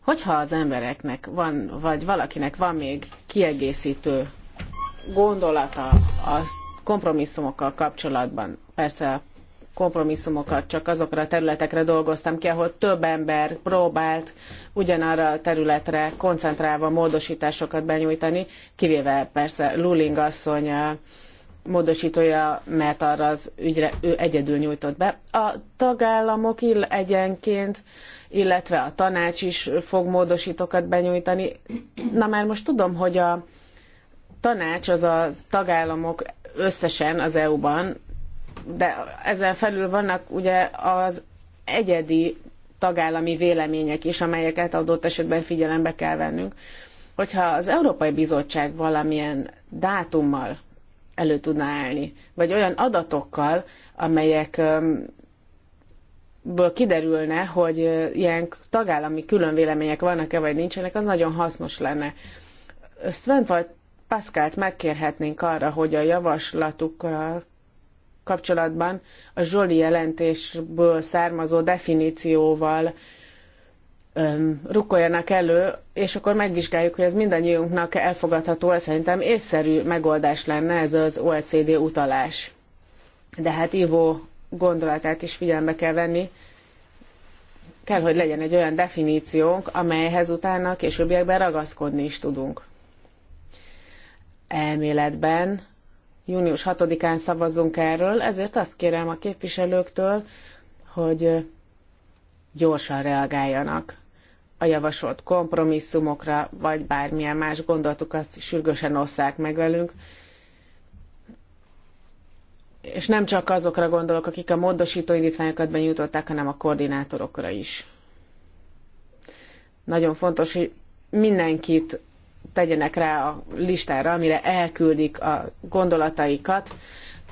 Hogyha az embereknek van, vagy valakinek van még kiegészítő gondolata a kompromisszumokkal kapcsolatban, persze a kompromisszumokat csak azokra a területekre dolgoztam ki, ahol több ember próbált ugyanarra a területre koncentrálva módosításokat benyújtani, kivéve persze Luling asszony módosítója, mert arra az ügyre ő egyedül nyújtott be. A tagállamok egyenként illetve a tanács is fog módosítókat benyújtani. Na már most tudom, hogy a tanács az a tagállamok összesen az EU-ban, de ezen felül vannak ugye az egyedi tagállami vélemények is, amelyeket adott esetben figyelembe kell vennünk. Hogyha az Európai Bizottság valamilyen dátummal elő tudna állni, vagy olyan adatokkal, amelyek ből kiderülne, hogy ilyen tagállami különvélemények vannak-e, vagy nincsenek, az nagyon hasznos lenne. Sven vagy Pascalt megkérhetnénk arra, hogy a javaslatukkal kapcsolatban a Zsoli jelentésből származó definícióval öm, rukkoljanak elő, és akkor megvizsgáljuk, hogy ez mindannyiunknak elfogadható, ez szerintem észszerű megoldás lenne ez az OECD utalás. De hát Ivo gondolatát is figyelembe kell venni. Kell, hogy legyen egy olyan definíciónk, amelyhez utána későbbiekben ragaszkodni is tudunk. Elméletben június 6-án szavazunk erről, ezért azt kérem a képviselőktől, hogy gyorsan reagáljanak a javasolt kompromisszumokra, vagy bármilyen más gondolatukat sürgősen osszák meg velünk, és nem csak azokra gondolok, akik a módosító indítványokat benyújtották, hanem a koordinátorokra is. Nagyon fontos, hogy mindenkit tegyenek rá a listára, amire elküldik a gondolataikat,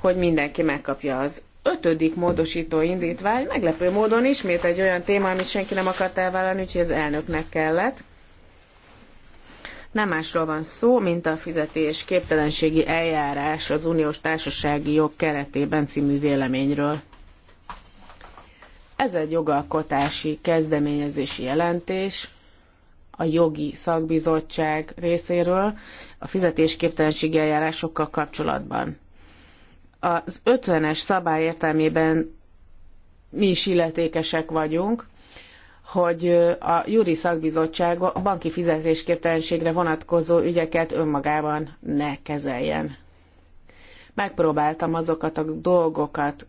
hogy mindenki megkapja az ötödik módosító indítvány. Meglepő módon ismét egy olyan téma, amit senki nem akart elvállalni, úgyhogy az elnöknek kellett. Nem másról van szó, mint a fizetés képtelenségi eljárás az uniós társasági jog keretében című véleményről. Ez egy jogalkotási kezdeményezési jelentés a jogi szakbizottság részéről a fizetésképtelenségi eljárásokkal kapcsolatban. Az 50-es szabály értelmében mi is illetékesek vagyunk, hogy a juri szakbizottság a banki fizetésképtelenségre vonatkozó ügyeket önmagában ne kezeljen. Megpróbáltam azokat a dolgokat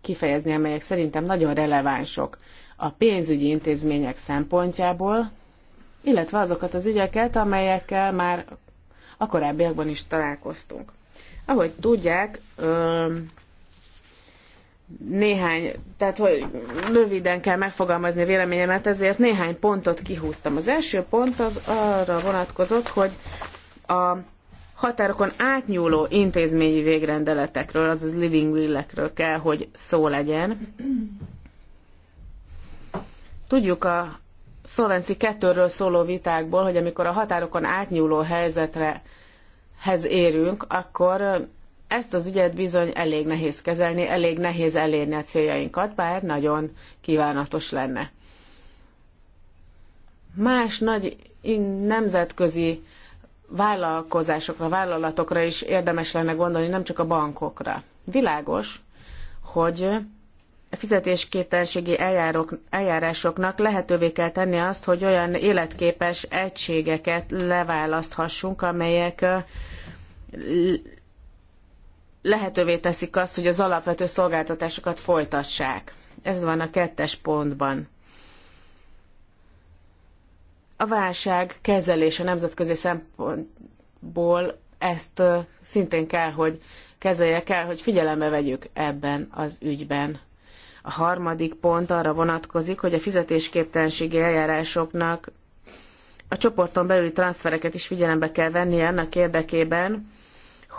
kifejezni, amelyek szerintem nagyon relevánsok a pénzügyi intézmények szempontjából, illetve azokat az ügyeket, amelyekkel már a korábbiakban is találkoztunk. Ahogy tudják, néhány, tehát hogy röviden kell megfogalmazni a véleményemet, ezért néhány pontot kihúztam. Az első pont az arra vonatkozott, hogy a határokon átnyúló intézményi végrendeletekről, azaz living will-ekről kell, hogy szó legyen. Tudjuk a Solvency 2-ről szóló vitákból, hogy amikor a határokon átnyúló helyzetre hez érünk, akkor ezt az ügyet bizony elég nehéz kezelni, elég nehéz elérni a céljainkat, bár nagyon kívánatos lenne. Más nagy nemzetközi vállalkozásokra, vállalatokra is érdemes lenne gondolni, nem csak a bankokra. Világos, hogy a fizetésképtelenségi eljárok, eljárásoknak lehetővé kell tenni azt, hogy olyan életképes egységeket leválaszthassunk, amelyek lehetővé teszik azt, hogy az alapvető szolgáltatásokat folytassák. Ez van a kettes pontban. A válság kezelése nemzetközi szempontból ezt szintén kell, hogy kezelje kell, hogy figyelembe vegyük ebben az ügyben. A harmadik pont arra vonatkozik, hogy a fizetésképtelenségi eljárásoknak a csoporton belüli transfereket is figyelembe kell venni annak érdekében,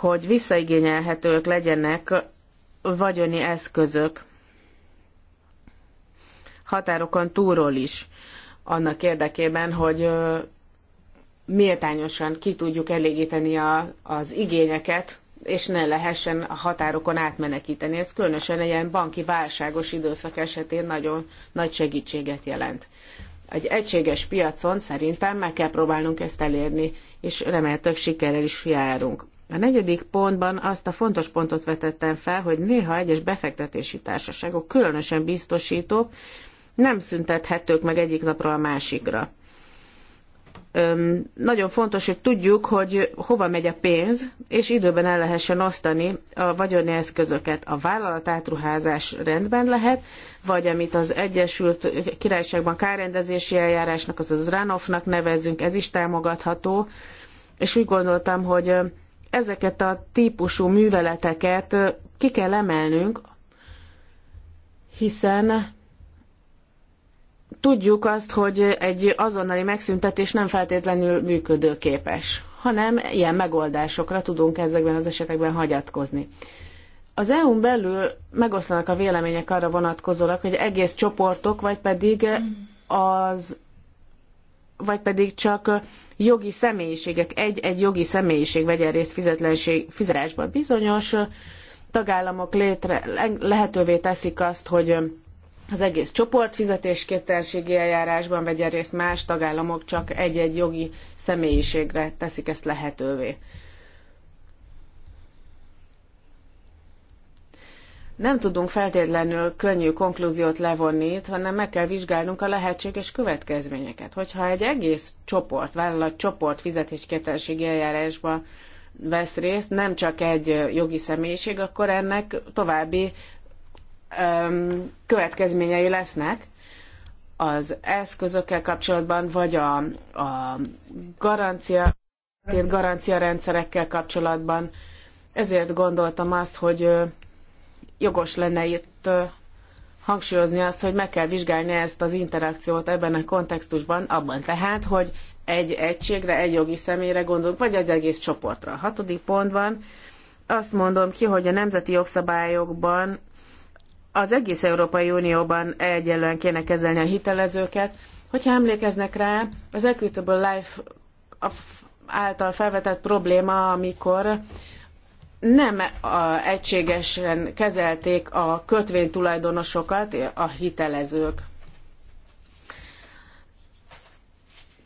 hogy visszaigényelhetők legyenek vagyoni eszközök határokon túlról is, annak érdekében, hogy méltányosan ki tudjuk elégíteni a, az igényeket, és ne lehessen a határokon átmenekíteni. Ez különösen egy ilyen banki válságos időszak esetén nagyon nagy segítséget jelent. Egy egységes piacon szerintem meg kell próbálnunk ezt elérni, és remélhetőleg sikerrel is járunk. A negyedik pontban azt a fontos pontot vetettem fel, hogy néha egyes befektetési társaságok, különösen biztosítók, nem szüntethetők meg egyik napról a másikra. Öm, nagyon fontos, hogy tudjuk, hogy hova megy a pénz, és időben el lehessen osztani a vagyoni eszközöket. A vállalat átruházás rendben lehet, vagy amit az Egyesült Királyságban kárrendezési eljárásnak, azaz Ranofnak nevezünk, ez is támogatható. És úgy gondoltam, hogy ezeket a típusú műveleteket ki kell emelnünk, hiszen tudjuk azt, hogy egy azonnali megszüntetés nem feltétlenül működőképes, hanem ilyen megoldásokra tudunk ezekben az esetekben hagyatkozni. Az EU-n belül megoszlanak a vélemények arra vonatkozólag, hogy egész csoportok, vagy pedig mm. az vagy pedig csak jogi személyiségek, egy-egy jogi személyiség vegyen részt fizetlenség, fizetésben. Bizonyos tagállamok létre, lehetővé teszik azt, hogy az egész csoport fizetésképtelenségi eljárásban vegyen részt, más tagállamok csak egy-egy jogi személyiségre teszik ezt lehetővé. nem tudunk feltétlenül könnyű konklúziót levonni itt, hanem meg kell vizsgálnunk a lehetséges következményeket. Hogyha egy egész csoport, vállalat csoport fizetésképtelenségi eljárásba vesz részt, nem csak egy jogi személyiség, akkor ennek további öm, következményei lesznek az eszközökkel kapcsolatban, vagy a, a garancia, garancia rendszerekkel kapcsolatban. Ezért gondoltam azt, hogy jogos lenne itt hangsúlyozni azt, hogy meg kell vizsgálni ezt az interakciót ebben a kontextusban, abban tehát, hogy egy egységre, egy jogi személyre gondolunk, vagy az egész csoportra. A hatodik pontban azt mondom ki, hogy a nemzeti jogszabályokban az egész Európai Unióban egyenlően kéne kezelni a hitelezőket. Hogyha emlékeznek rá, az Equitable Life által felvetett probléma, amikor nem egységesen kezelték a kötvénytulajdonosokat, a hitelezők.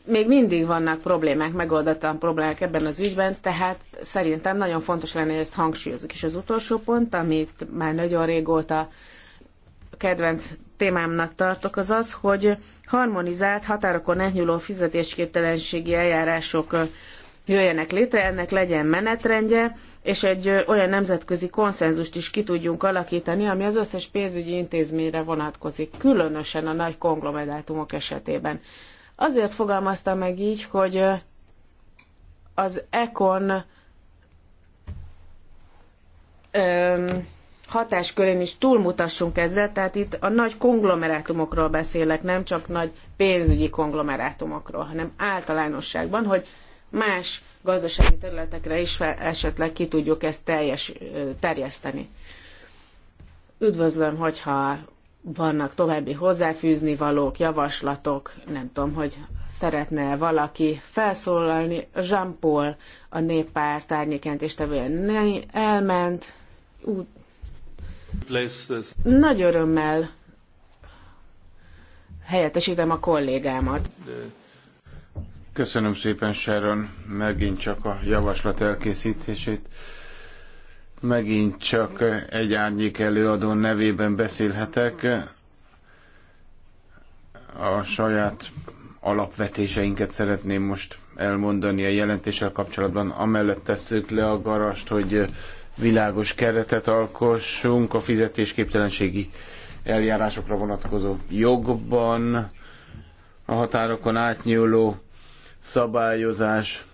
Még mindig vannak problémák, megoldatlan problémák ebben az ügyben, tehát szerintem nagyon fontos lenne, hogy ezt hangsúlyozzuk És az utolsó pont, amit már nagyon régóta kedvenc témámnak tartok, az az, hogy harmonizált határokon átnyúló fizetésképtelenségi eljárások jöjjenek létre, ennek legyen menetrendje, és egy olyan nemzetközi konszenzust is ki tudjunk alakítani, ami az összes pénzügyi intézményre vonatkozik, különösen a nagy konglomerátumok esetében. Azért fogalmazta meg így, hogy az ECON hatáskörén is túlmutassunk ezzel, tehát itt a nagy konglomerátumokról beszélek, nem csak nagy pénzügyi konglomerátumokról, hanem általánosságban, hogy más gazdasági területekre is fel, esetleg ki tudjuk ezt teljes, terjeszteni. Üdvözlöm, hogyha vannak további hozzáfűzni valók, javaslatok, nem tudom, hogy szeretne -e valaki felszólalni. Jean-Paul, a néppárt tevően elment. Ú, nagy örömmel helyettesítem a kollégámat. Köszönöm szépen, Sharon, megint csak a javaslat elkészítését. Megint csak egy árnyék előadó nevében beszélhetek. A saját alapvetéseinket szeretném most elmondani a jelentéssel kapcsolatban. Amellett tesszük le a garast, hogy világos keretet alkossunk a fizetésképtelenségi eljárásokra vonatkozó jogban, a határokon átnyúló szabályozás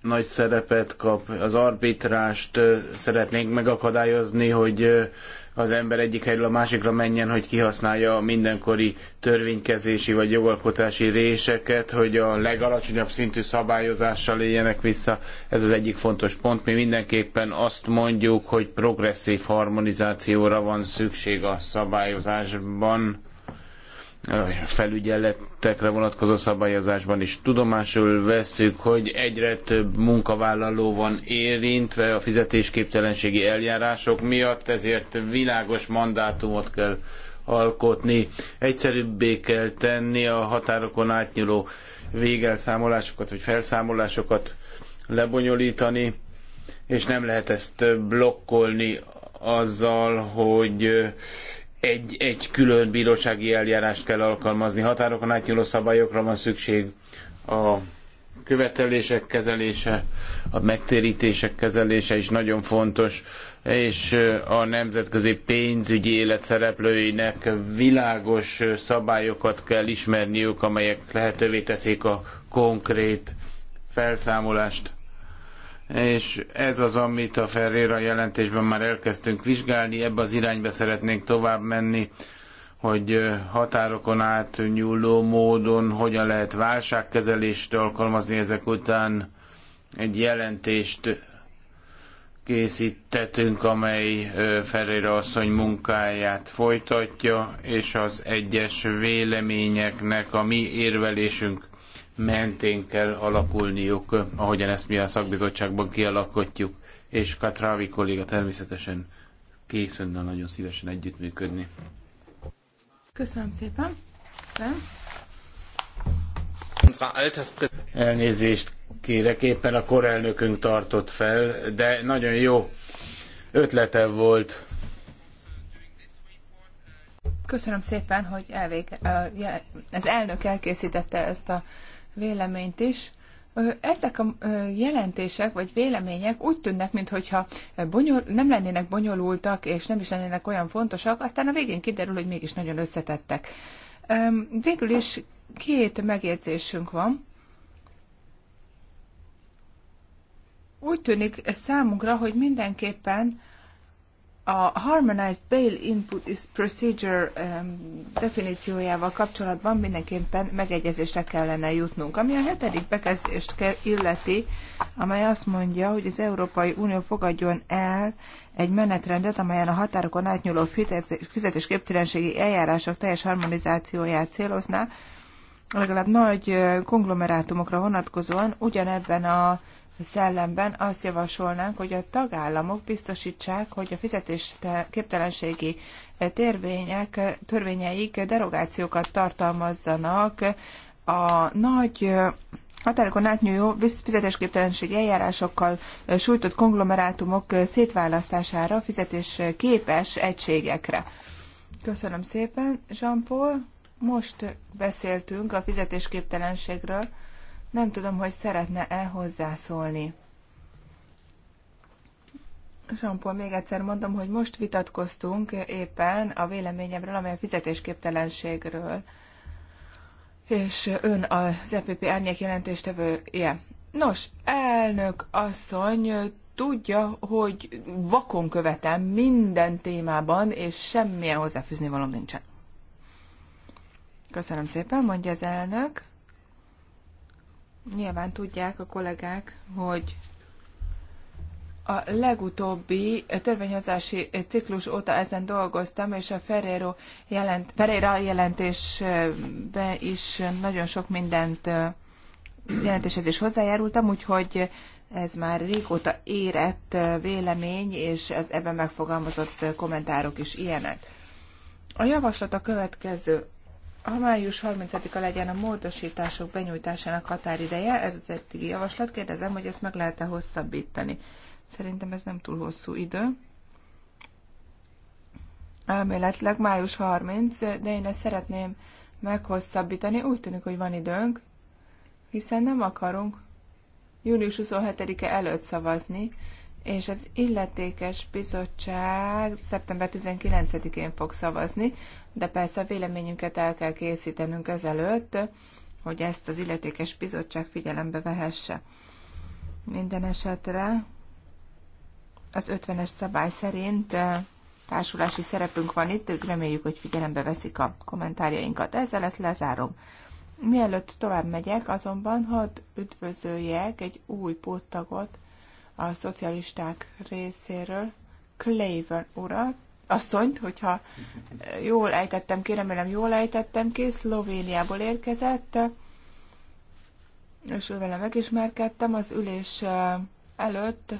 nagy szerepet kap, az arbitrást szeretnénk megakadályozni, hogy az ember egyik helyről a másikra menjen, hogy kihasználja a mindenkori törvénykezési vagy jogalkotási réseket, hogy a legalacsonyabb szintű szabályozással éljenek vissza. Ez az egyik fontos pont. Mi mindenképpen azt mondjuk, hogy progresszív harmonizációra van szükség a szabályozásban felügyeletekre vonatkozó szabályozásban is tudomásul vesszük, hogy egyre több munkavállaló van érintve a fizetésképtelenségi eljárások miatt, ezért világos mandátumot kell alkotni, egyszerűbbé kell tenni a határokon átnyúló végelszámolásokat vagy felszámolásokat lebonyolítani, és nem lehet ezt blokkolni azzal, hogy egy, egy külön bírósági eljárást kell alkalmazni. Határokon átnyúló szabályokra van szükség a követelések kezelése, a megtérítések kezelése is nagyon fontos, és a nemzetközi pénzügyi élet szereplőinek világos szabályokat kell ismerniük, amelyek lehetővé teszik a konkrét felszámolást és ez az, amit a Ferreira jelentésben már elkezdtünk vizsgálni, ebbe az irányba szeretnénk tovább menni, hogy határokon át nyúló módon hogyan lehet válságkezelést alkalmazni ezek után egy jelentést készítettünk, amely Ferreira asszony munkáját folytatja, és az egyes véleményeknek a mi érvelésünk mentén kell alakulniuk, ahogyan ezt mi a szakbizottságban kialakotjuk, és Katrávi kolléga természetesen készülne nagyon szívesen együttműködni. Köszönöm szépen. Szem. Elnézést kérek, éppen a korelnökünk tartott fel, de nagyon jó ötlete volt. Köszönöm szépen, hogy elvége, az elnök elkészítette ezt a véleményt is. Ezek a jelentések vagy vélemények úgy tűnnek, mintha bonyol, nem lennének bonyolultak, és nem is lennének olyan fontosak, aztán a végén kiderül, hogy mégis nagyon összetettek. Végül is két megjegyzésünk van. Úgy tűnik számunkra, hogy mindenképpen a Harmonized Bail Input is Procedure um, definíciójával kapcsolatban mindenképpen megegyezésre kellene jutnunk. Ami a hetedik bekezdést illeti, amely azt mondja, hogy az Európai Unió fogadjon el egy menetrendet, amelyen a határokon átnyúló fizetésképtelenségi eljárások teljes harmonizációját célozná, legalább nagy konglomerátumokra vonatkozóan ugyanebben a szellemben azt javasolnánk, hogy a tagállamok biztosítsák, hogy a képtelenségi eh, törvények, eh, törvényeik derogációkat tartalmazzanak a nagy eh, határokon átnyújó fizetésképtelenségi eljárásokkal sújtott konglomerátumok szétválasztására, fizetés képes egységekre. Köszönöm szépen, Jean-Paul. Most beszéltünk a fizetésképtelenségről. Nem tudom, hogy szeretne-e hozzászólni. Sampol, még egyszer mondom, hogy most vitatkoztunk éppen a véleményemről, amely a fizetésképtelenségről, és ön az EPP árnyék jelentéstevője. Nos, elnök asszony tudja, hogy vakon követem minden témában, és semmilyen hozzáfűzni való nincsen. Köszönöm szépen, mondja az elnök. Nyilván tudják a kollégák, hogy a legutóbbi törvényhozási ciklus óta ezen dolgoztam, és a Ferrero jelent, Ferreira jelentésbe is nagyon sok mindent jelentéshez is hozzájárultam, úgyhogy ez már régóta érett vélemény, és az ebben megfogalmazott kommentárok is ilyenek. A javaslat a következő ha május 30-a legyen a módosítások benyújtásának határideje, ez az eddigi javaslat, kérdezem, hogy ezt meg lehet-e hosszabbítani. Szerintem ez nem túl hosszú idő. Elméletileg május 30, de én ezt szeretném meghosszabbítani. Úgy tűnik, hogy van időnk, hiszen nem akarunk június 27-e előtt szavazni, és az illetékes bizottság szeptember 19-én fog szavazni, de persze véleményünket el kell készítenünk ezelőtt, hogy ezt az illetékes bizottság figyelembe vehesse. Minden esetre az 50-es szabály szerint eh, társulási szerepünk van itt, reméljük, hogy figyelembe veszik a kommentárjainkat. Ezzel ezt lezárom. Mielőtt tovább megyek, azonban hadd üdvözöljek egy új póttagot, a szocialisták részéről Claver urat, asszonyt, hogyha jól ejtettem ki, remélem jól ejtettem ki, Szlovéniából érkezett, és ő megismerkedtem az ülés előtt,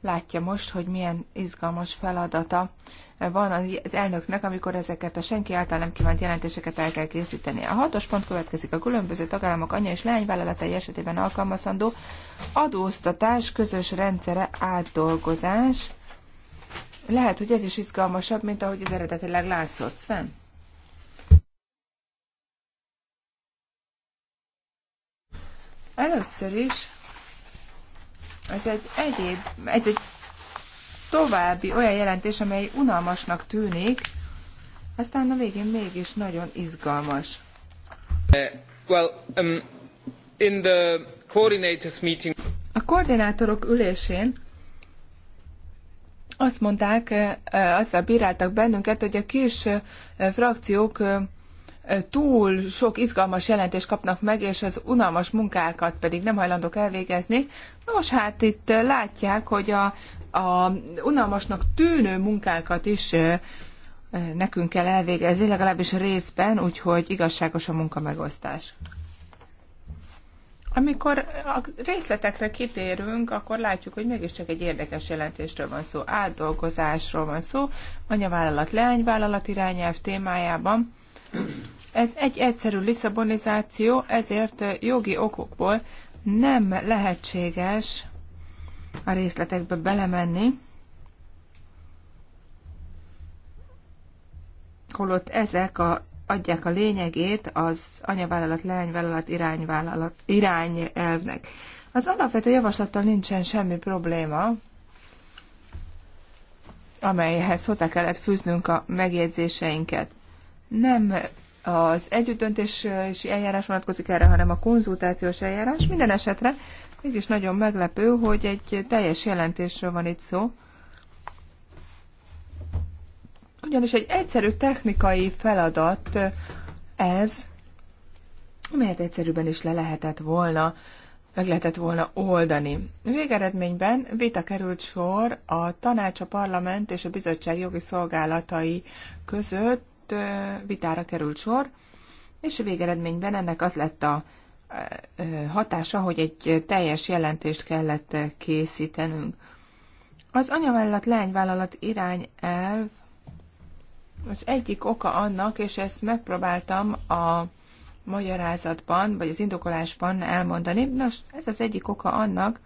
látja most, hogy milyen izgalmas feladata van az elnöknek, amikor ezeket a senki által nem kívánt jelentéseket el kell készíteni. A hatos pont következik a különböző tagállamok anya és lányvállalatai esetében alkalmazandó adóztatás, közös rendszere, átdolgozás. Lehet, hogy ez is izgalmasabb, mint ahogy az eredetileg látszott. Sven? Először is ez egy egyéb, ez egy további olyan jelentés, amely unalmasnak tűnik, aztán a végén mégis nagyon izgalmas. Uh, well, um, in the coordinators meeting... A koordinátorok ülésén azt mondták, eh, eh, azzal bíráltak bennünket, hogy a kis frakciók túl sok izgalmas jelentést kapnak meg, és az unalmas munkákat pedig nem hajlandók elvégezni. Nos, hát itt látják, hogy a, a unalmasnak tűnő munkákat is nekünk kell elvégezni, legalábbis részben, úgyhogy igazságos a munka megosztás. Amikor a részletekre kitérünk, akkor látjuk, hogy mégiscsak egy érdekes jelentésről van szó, átdolgozásról van szó, anyavállalat, leányvállalat irányelv témájában. Ez egy egyszerű liszabonizáció, ezért jogi okokból nem lehetséges a részletekbe belemenni, holott ezek a, adják a lényegét az anyavállalat, leányvállalat, irányvállalat, irányelvnek. Az alapvető javaslattal nincsen semmi probléma, amelyhez hozzá kellett fűznünk a megjegyzéseinket. Nem az együttdöntési eljárás vonatkozik erre, hanem a konzultációs eljárás. Minden esetre mégis nagyon meglepő, hogy egy teljes jelentésről van itt szó. Ugyanis egy egyszerű technikai feladat ez, amelyet egyszerűben is le lehetett volna, meg lehetett volna oldani. Végeredményben vita került sor a tanács, a parlament és a bizottság jogi szolgálatai között vitára került sor, és a végeredményben ennek az lett a hatása, hogy egy teljes jelentést kellett készítenünk. Az anyavállalat lányvállalat el. az egyik oka annak, és ezt megpróbáltam a magyarázatban, vagy az indokolásban elmondani, nos, ez az egyik oka annak,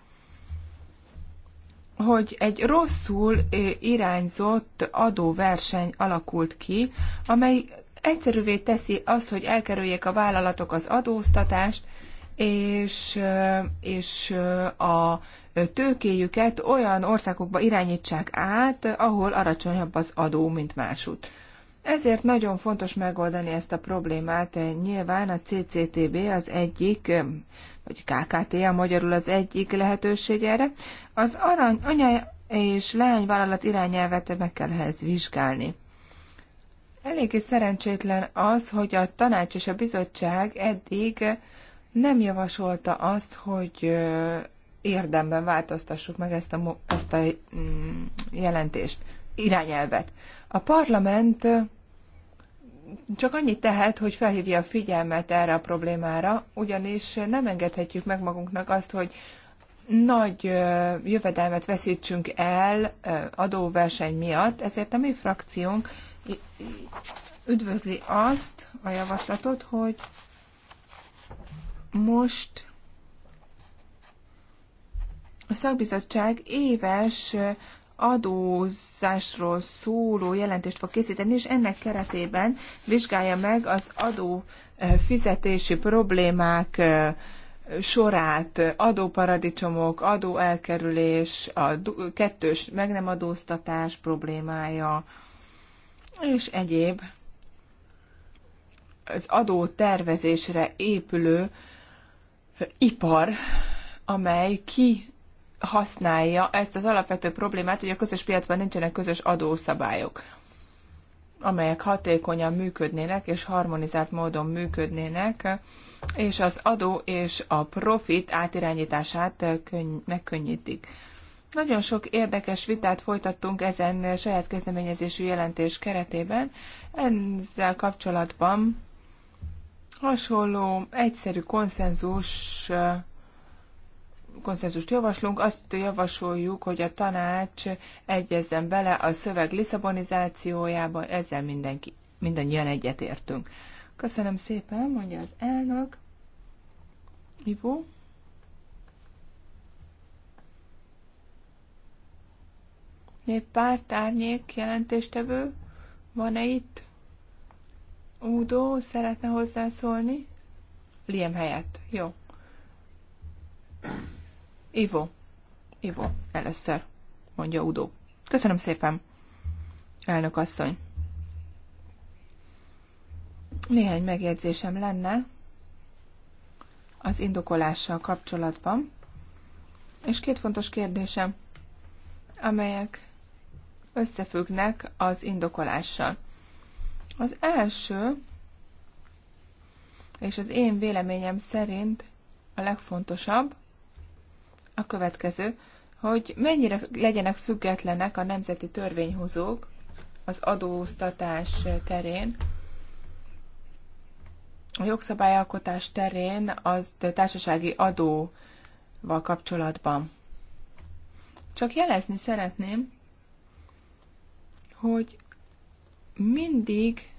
hogy egy rosszul irányzott adóverseny alakult ki, amely egyszerűvé teszi azt, hogy elkerüljék a vállalatok az adóztatást, és, és a tőkéjüket olyan országokba irányítsák át, ahol alacsonyabb az adó, mint másút. Ezért nagyon fontos megoldani ezt a problémát. Nyilván a CCTB az egyik, vagy KKT a magyarul az egyik lehetőség erre. Az arany, anya és lányvállalat irányelvet meg kell ehhez vizsgálni. Eléggé szerencsétlen az, hogy a tanács és a bizottság eddig nem javasolta azt, hogy érdemben változtassuk meg ezt a, ezt a mm, jelentést irányelvet. A parlament csak annyit tehet, hogy felhívja a figyelmet erre a problémára, ugyanis nem engedhetjük meg magunknak azt, hogy nagy jövedelmet veszítsünk el adóverseny miatt, ezért a mi frakciónk üdvözli azt a javaslatot, hogy most a szakbizottság éves adózásról szóló jelentést fog készíteni, és ennek keretében vizsgálja meg az adó eh, fizetési problémák eh, sorát, adóparadicsomok, adóelkerülés, a kettős meg nem adóztatás problémája, és egyéb az adótervezésre épülő ipar, amely ki használja ezt az alapvető problémát, hogy a közös piacban nincsenek közös adószabályok, amelyek hatékonyan működnének és harmonizált módon működnének, és az adó és a profit átirányítását megkönnyítik. Nagyon sok érdekes vitát folytattunk ezen saját kezdeményezésű jelentés keretében. Ezzel kapcsolatban hasonló, egyszerű konszenzus konszenzust javaslunk, azt javasoljuk, hogy a tanács egyezzen bele a szöveg liszabonizációjába, ezzel mindenki, mindannyian egyetértünk. Köszönöm szépen, mondja az elnök. Ivo. Néppárt, árnyék, jelentéstevő, van-e itt? Udo szeretne hozzászólni? Liam helyett, jó. Ivo, Ivo, először, mondja Udo. Köszönöm szépen, elnök asszony. Néhány megjegyzésem lenne az indokolással kapcsolatban, és két fontos kérdésem, amelyek összefüggnek az indokolással. Az első, és az én véleményem szerint a legfontosabb, a következő, hogy mennyire legyenek függetlenek a nemzeti törvényhozók az adóztatás terén, a jogszabályalkotás terén az társasági adóval kapcsolatban. Csak jelezni szeretném, hogy mindig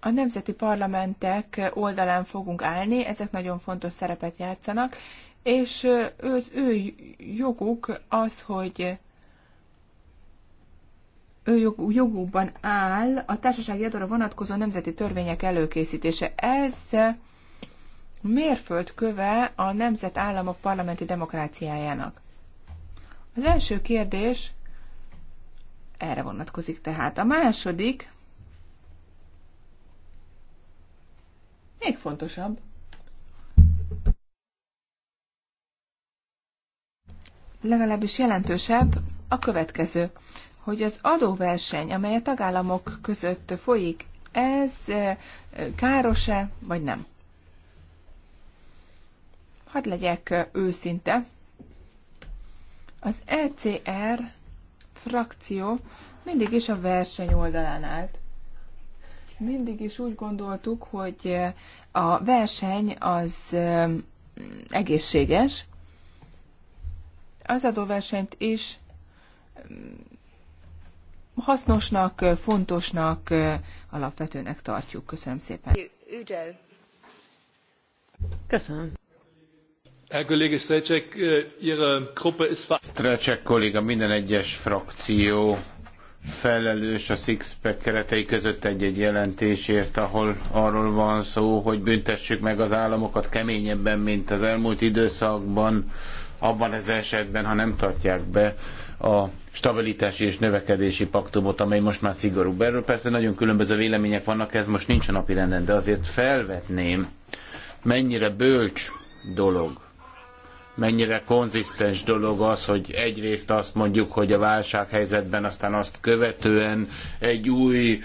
A nemzeti parlamentek oldalán fogunk állni, ezek nagyon fontos szerepet játszanak, és az ő joguk az, hogy ő jogukban áll a társasági adóra vonatkozó nemzeti törvények előkészítése. Ez mérföldköve a nemzetállamok parlamenti demokráciájának. Az első kérdés erre vonatkozik tehát. A második még fontosabb. Legalábbis jelentősebb a következő, hogy az adóverseny, amely a tagállamok között folyik, ez káros-e, vagy nem? Hadd legyek őszinte. Az ECR frakció mindig is a verseny oldalán állt mindig is úgy gondoltuk, hogy eh, a verseny az eh, egészséges, az adóversenyt is mm, hasznosnak, eh, fontosnak, alapvetőnek tartjuk. Köszönöm szépen. Köszönöm. Herr Kollege Strecek, Ihre Gruppe ist... Strecek kolléga, minden egyes frakció felelős a Sixpack keretei között egy-egy jelentésért, ahol arról van szó, hogy büntessük meg az államokat keményebben, mint az elmúlt időszakban, abban az esetben, ha nem tartják be a stabilitási és növekedési paktumot, amely most már szigorúbb. Erről persze nagyon különböző vélemények vannak, ez most nincs a napi renden, de azért felvetném, mennyire bölcs dolog mennyire konzisztens dolog az, hogy egyrészt azt mondjuk, hogy a válsághelyzetben, aztán azt követően egy új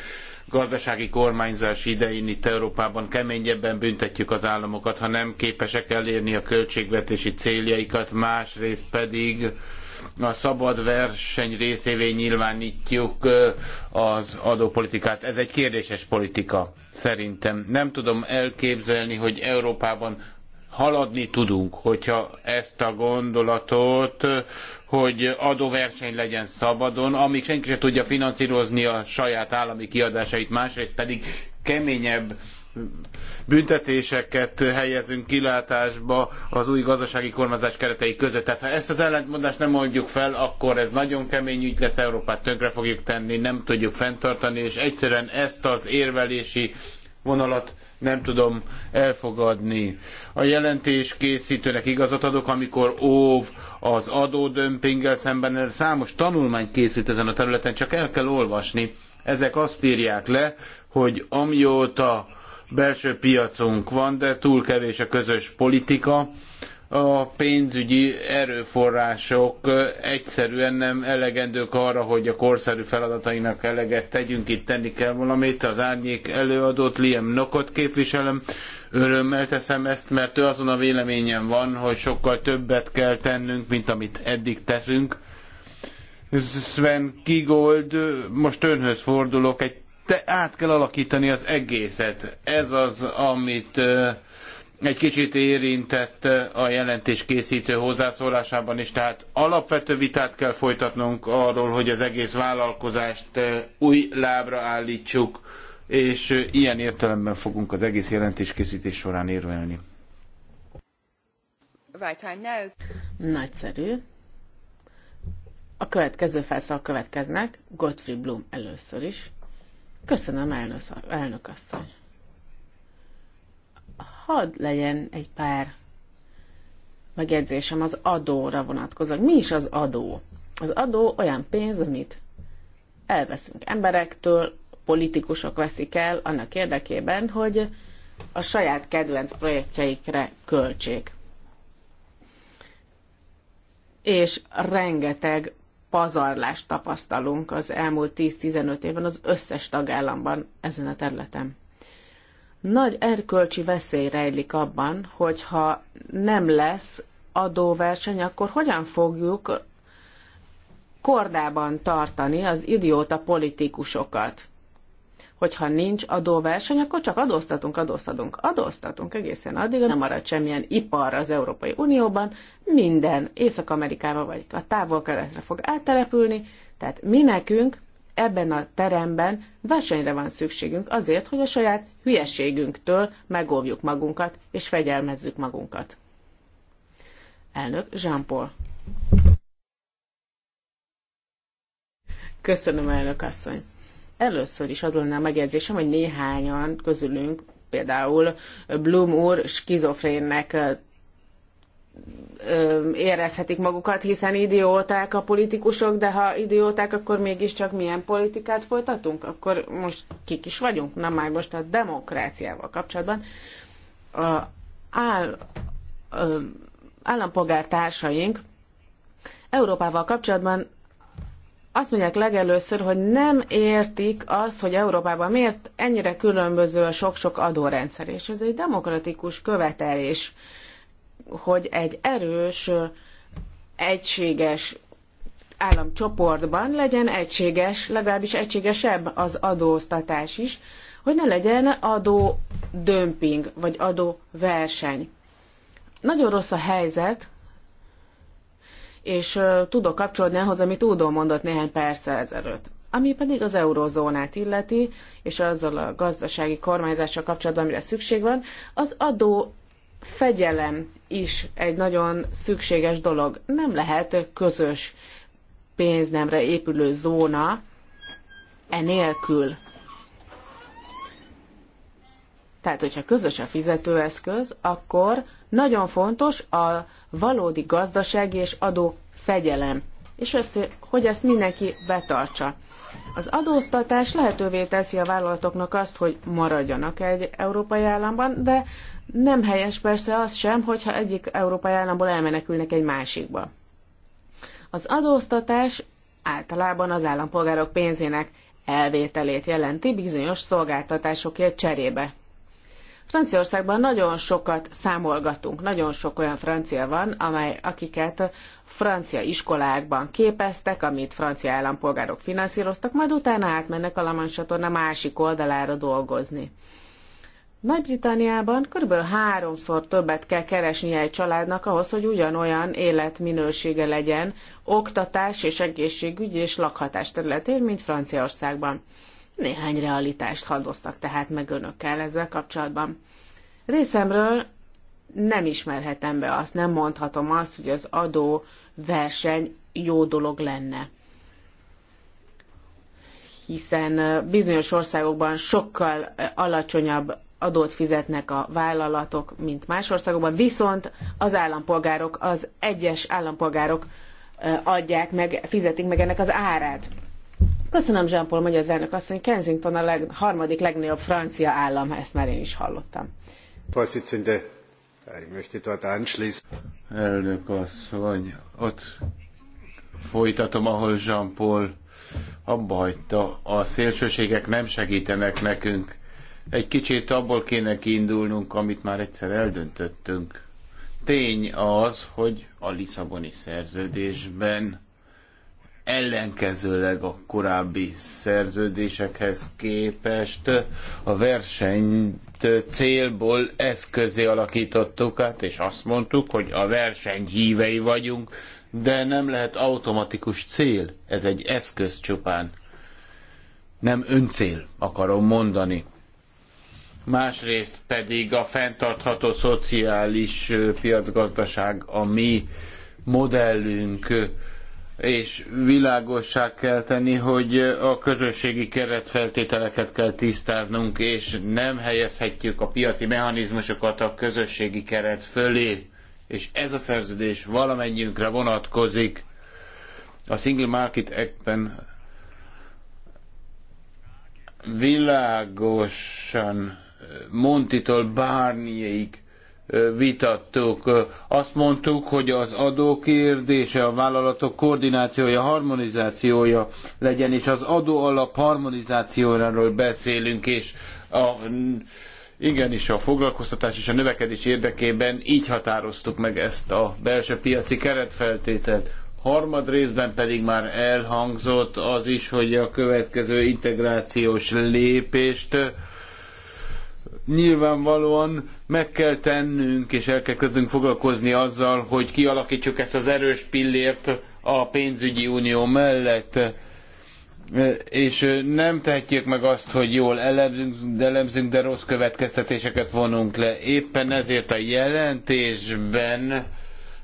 gazdasági kormányzás idején itt Európában keményebben büntetjük az államokat, ha nem képesek elérni a költségvetési céljaikat, másrészt pedig a szabad verseny részévé nyilvánítjuk az adópolitikát. Ez egy kérdéses politika, szerintem. Nem tudom elképzelni, hogy Európában haladni tudunk, hogyha ezt a gondolatot, hogy adóverseny legyen szabadon, amíg senki sem tudja finanszírozni a saját állami kiadásait, másrészt pedig keményebb büntetéseket helyezünk kilátásba az új gazdasági kormányzás keretei között. Tehát ha ezt az ellentmondást nem mondjuk fel, akkor ez nagyon kemény ügy lesz, Európát tönkre fogjuk tenni, nem tudjuk fenntartani, és egyszerűen ezt az érvelési vonalat nem tudom elfogadni. A jelentés készítőnek igazat adok, amikor óv az adódömpinggel szemben, számos tanulmány készült ezen a területen, csak el kell olvasni. Ezek azt írják le, hogy amióta belső piacunk van, de túl kevés a közös politika, a pénzügyi erőforrások egyszerűen nem elegendők arra, hogy a korszerű feladatainak eleget tegyünk, itt tenni kell valamit. Az árnyék előadót Liam Nokot képviselem. Örömmel teszem ezt, mert ő azon a véleményen van, hogy sokkal többet kell tennünk, mint amit eddig teszünk. Sven Kigold, most önhöz fordulok, egy te át kell alakítani az egészet. Ez az, amit egy kicsit érintett a jelentés készítő hozzászólásában is, tehát alapvető vitát kell folytatnunk arról, hogy az egész vállalkozást eh, új lábra állítsuk, és eh, ilyen értelemben fogunk az egész jelentéskészítés során érvelni. Nagyszerű. A következő felszal következnek, Gottfried Blum először is. Köszönöm, elnök, elnök asszony hadd legyen egy pár megjegyzésem az adóra vonatkozóan. Mi is az adó? Az adó olyan pénz, amit elveszünk emberektől, politikusok veszik el annak érdekében, hogy a saját kedvenc projektjeikre költsék. És rengeteg pazarlást tapasztalunk az elmúlt 10-15 évben az összes tagállamban ezen a területen. Nagy erkölcsi veszély rejlik abban, hogyha nem lesz adóverseny, akkor hogyan fogjuk kordában tartani az idióta politikusokat? Hogyha nincs adóverseny, akkor csak adóztatunk, adóztatunk, adóztatunk egészen addig, nem marad semmilyen ipar az Európai Unióban, minden Észak-Amerikába vagy a távol keresztre fog áttelepülni, tehát mi nekünk ebben a teremben versenyre van szükségünk azért, hogy a saját hülyeségünktől megóvjuk magunkat és fegyelmezzük magunkat. Elnök Jean-Paul. Köszönöm, elnök asszony. Először is az lenne a megjegyzésem, hogy néhányan közülünk, például Bloom úr skizofrénnek érezhetik magukat, hiszen idióták a politikusok, de ha idióták, akkor mégiscsak milyen politikát folytatunk? Akkor most kik is vagyunk? Na már most a demokráciával kapcsolatban a áll, állampolgártársaink Európával kapcsolatban azt mondják legelőször, hogy nem értik azt, hogy Európában miért ennyire különböző a sok-sok adórendszer, és ez egy demokratikus követelés hogy egy erős, egységes államcsoportban legyen egységes, legalábbis egységesebb az adóztatás is, hogy ne legyen adó dömping, vagy adó verseny. Nagyon rossz a helyzet, és tudok kapcsolódni ahhoz, amit Údó mondott néhány perccel ezelőtt. Ami pedig az eurozónát illeti, és azzal a gazdasági kormányzással kapcsolatban, amire szükség van, az adó fegyelem is egy nagyon szükséges dolog. Nem lehet közös pénznemre épülő zóna enélkül. Tehát, hogyha közös a fizetőeszköz, akkor nagyon fontos a valódi gazdasági és adó fegyelem, és ezt, hogy ezt mindenki betartsa. Az adóztatás lehetővé teszi a vállalatoknak azt, hogy maradjanak egy európai államban, de nem helyes persze az sem, hogyha egyik európai államból elmenekülnek egy másikba. Az adóztatás általában az állampolgárok pénzének elvételét jelenti bizonyos szolgáltatásokért cserébe. Franciaországban nagyon sokat számolgatunk, nagyon sok olyan francia van, amely, akiket francia iskolákban képeztek, amit francia állampolgárok finanszíroztak, majd utána átmennek a Lamansatorna másik oldalára dolgozni. Nagy-Britanniában kb. háromszor többet kell keresnie egy családnak ahhoz, hogy ugyanolyan életminősége legyen oktatás és egészségügy és lakhatás területén, mint Franciaországban. Néhány realitást hadoztak tehát meg önökkel ezzel kapcsolatban. Részemről nem ismerhetem be azt, nem mondhatom azt, hogy az adó verseny jó dolog lenne. Hiszen bizonyos országokban sokkal alacsonyabb adót fizetnek a vállalatok, mint más országokban, viszont az állampolgárok, az egyes állampolgárok adják meg, fizetik meg ennek az árát. Köszönöm, Jean-Paul, mondja az elnök asszony. Kensington a leg, harmadik legnagyobb francia állam, ezt már én is hallottam. Vorsitzende, ich möchte dort anschließen. Elnök asszony, ott folytatom, ahol Jean-Paul abba hagyta. A szélsőségek nem segítenek nekünk. Egy kicsit abból kéne kiindulnunk, amit már egyszer eldöntöttünk. Tény az, hogy a Lisszaboni szerződésben ellenkezőleg a korábbi szerződésekhez képest a versenyt célból eszközé alakítottuk át, és azt mondtuk, hogy a verseny hívei vagyunk, de nem lehet automatikus cél, ez egy eszköz csupán. Nem öncél, akarom mondani. Másrészt pedig a fenntartható szociális piacgazdaság a mi modellünk, és világossá kell tenni, hogy a közösségi keretfeltételeket kell tisztáznunk, és nem helyezhetjük a piaci mechanizmusokat a közösségi keret fölé. És ez a szerződés valamennyünkre vonatkozik. A Single Market Act-ben világosan Montitól Bárnyéig vitattuk. Azt mondtuk, hogy az adó kérdése, a vállalatok koordinációja, harmonizációja legyen, és az adóalap harmonizációjáról beszélünk, és a, igenis a foglalkoztatás és a növekedés érdekében így határoztuk meg ezt a belső piaci keretfeltételt. Harmad részben pedig már elhangzott az is, hogy a következő integrációs lépést nyilvánvalóan meg kell tennünk, és el kell kezdünk foglalkozni azzal, hogy kialakítsuk ezt az erős pillért a pénzügyi unió mellett. És nem tehetjük meg azt, hogy jól elemzünk, de, elemzünk, de rossz következtetéseket vonunk le. Éppen ezért a jelentésben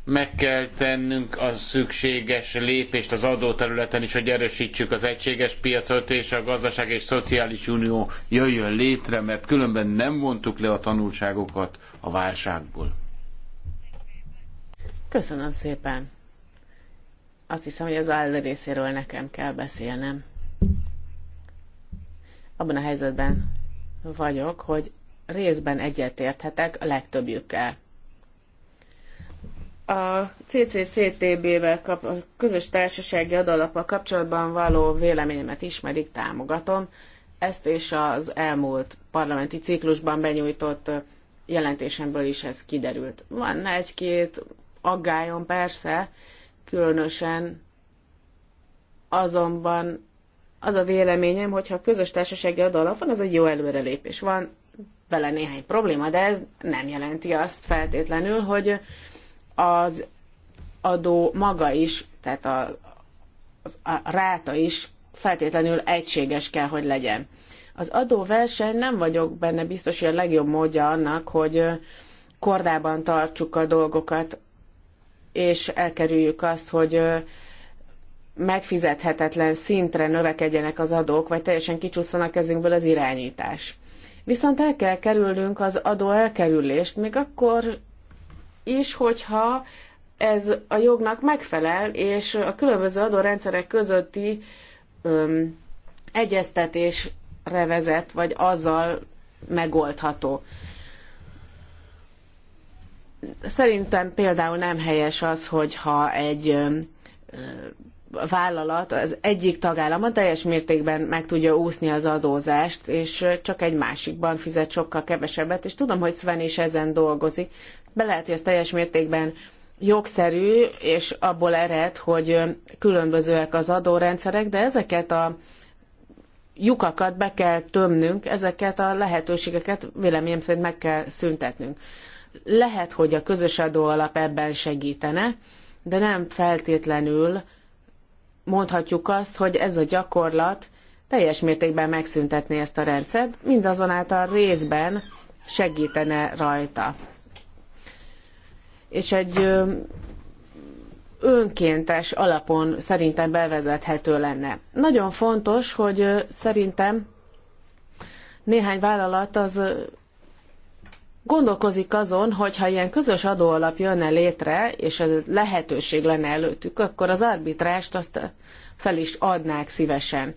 meg kell tennünk a szükséges lépést az adóterületen is, hogy erősítsük az egységes piacot, és a gazdaság és szociális unió jöjjön létre, mert különben nem vontuk le a tanulságokat a válságból. Köszönöm szépen. Azt hiszem, hogy az áll részéről nekem kell beszélnem. Abban a helyzetben vagyok, hogy részben egyetérthetek a legtöbbjükkel a CCCTB-vel kap, a közös társasági adalappal kapcsolatban való véleményemet ismerik, támogatom. Ezt és az elmúlt parlamenti ciklusban benyújtott jelentésemből is ez kiderült. Van egy-két aggályom persze, különösen azonban az a véleményem, hogyha a közös társasági adalap van, az egy jó előrelépés. Van vele néhány probléma, de ez nem jelenti azt feltétlenül, hogy az adó maga is, tehát a, a ráta is feltétlenül egységes kell, hogy legyen. Az adóverseny nem vagyok benne biztos, hogy a legjobb módja annak, hogy kordában tartsuk a dolgokat, és elkerüljük azt, hogy megfizethetetlen szintre növekedjenek az adók, vagy teljesen kicsúszson a kezünkből az irányítás. Viszont el kell kerülnünk az adó elkerülést, még akkor is, hogyha ez a jognak megfelel, és a különböző adórendszerek közötti öm, egyeztetésre vezet, vagy azzal megoldható. Szerintem például nem helyes az, hogyha egy vállalat az egyik tagállama teljes mértékben meg tudja úszni az adózást, és csak egy másikban fizet sokkal kevesebbet, és tudom, hogy Sven is ezen dolgozik. Be lehet, hogy ez teljes mértékben jogszerű, és abból ered, hogy különbözőek az adórendszerek, de ezeket a lyukakat be kell tömnünk, ezeket a lehetőségeket véleményem szerint meg kell szüntetnünk. Lehet, hogy a közös adóalap ebben segítene, de nem feltétlenül mondhatjuk azt, hogy ez a gyakorlat teljes mértékben megszüntetné ezt a rendszert, mindazonáltal részben segítene rajta. És egy önkéntes alapon szerintem bevezethető lenne. Nagyon fontos, hogy szerintem néhány vállalat az gondolkozik azon, hogy ha ilyen közös adóalap jönne létre, és ez lehetőség lenne előttük, akkor az arbitrást azt fel is adnák szívesen.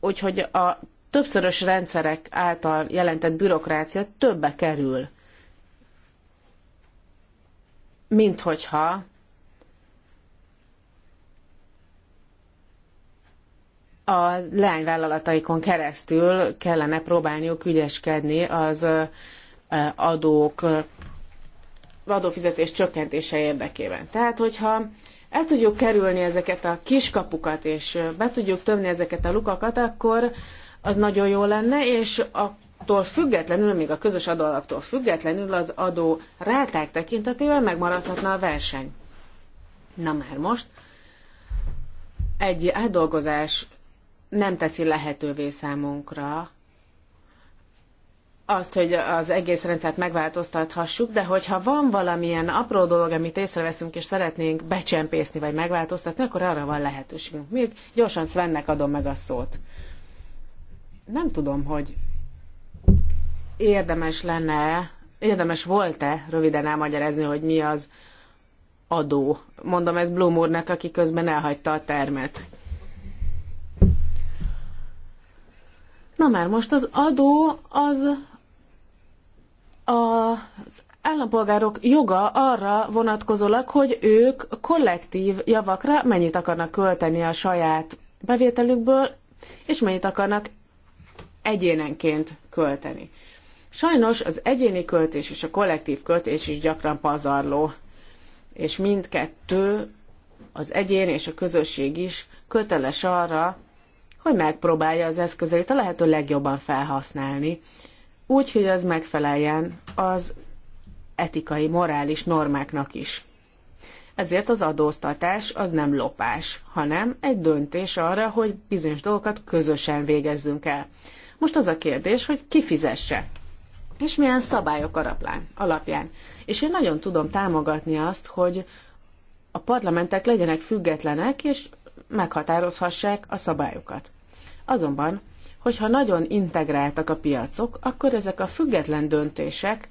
Úgyhogy a többszörös rendszerek által jelentett bürokrácia többe kerül, mint hogyha a leányvállalataikon keresztül kellene próbálniuk ügyeskedni az adók adófizetés csökkentése érdekében. Tehát, hogyha el tudjuk kerülni ezeket a kiskapukat, és be tudjuk tömni ezeket a lukakat, akkor az nagyon jó lenne, és attól függetlenül, még a közös adóalaptól függetlenül az adó ráták tekintetében megmaradhatna a verseny. Na már most, egy átdolgozás nem teszi lehetővé számunkra azt, hogy az egész rendszert megváltoztathassuk, de hogyha van valamilyen apró dolog, amit észreveszünk, és szeretnénk becsempészni vagy megváltoztatni, akkor arra van lehetőségünk. Még gyorsan Svennek adom meg a szót. Nem tudom, hogy érdemes lenne, érdemes volt-e röviden elmagyarázni, hogy mi az adó. Mondom ez Blum úrnak, aki közben elhagyta a termet. Na már most az adó az az állampolgárok joga arra vonatkozólag, hogy ők kollektív javakra mennyit akarnak költeni a saját bevételükből, és mennyit akarnak egyénenként költeni. Sajnos az egyéni költés és a kollektív költés is gyakran pazarló, és mindkettő, az egyén és a közösség is köteles arra, hogy megpróbálja az eszközeit a lehető legjobban felhasználni, úgy, hogy az megfeleljen az etikai, morális normáknak is. Ezért az adóztatás az nem lopás, hanem egy döntés arra, hogy bizonyos dolgokat közösen végezzünk el. Most az a kérdés, hogy ki fizesse, és milyen szabályok araplán, alapján. És én nagyon tudom támogatni azt, hogy a parlamentek legyenek függetlenek, és meghatározhassák a szabályokat. Azonban, hogyha nagyon integráltak a piacok, akkor ezek a független döntések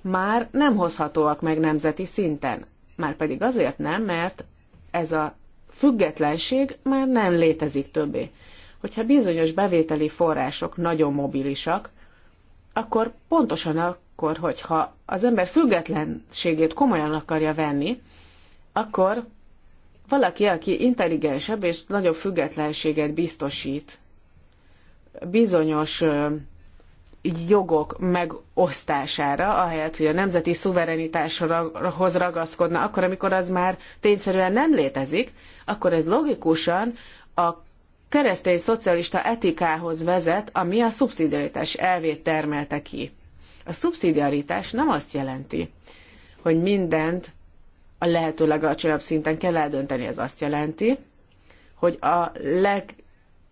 már nem hozhatóak meg nemzeti szinten. Már pedig azért nem, mert ez a függetlenség már nem létezik többé. Hogyha bizonyos bevételi források nagyon mobilisak, akkor pontosan akkor, hogyha az ember függetlenségét komolyan akarja venni, akkor valaki, aki intelligensebb és nagyobb függetlenséget biztosít bizonyos jogok megosztására, ahelyett, hogy a nemzeti szuverenitáshoz ragaszkodna, akkor, amikor az már tényszerűen nem létezik, akkor ez logikusan a keresztény szocialista etikához vezet, ami a szubszidiaritás elvét termelte ki. A szubszidiaritás nem azt jelenti, hogy mindent a lehető legalacsonyabb szinten kell eldönteni. Ez azt jelenti, hogy a leg,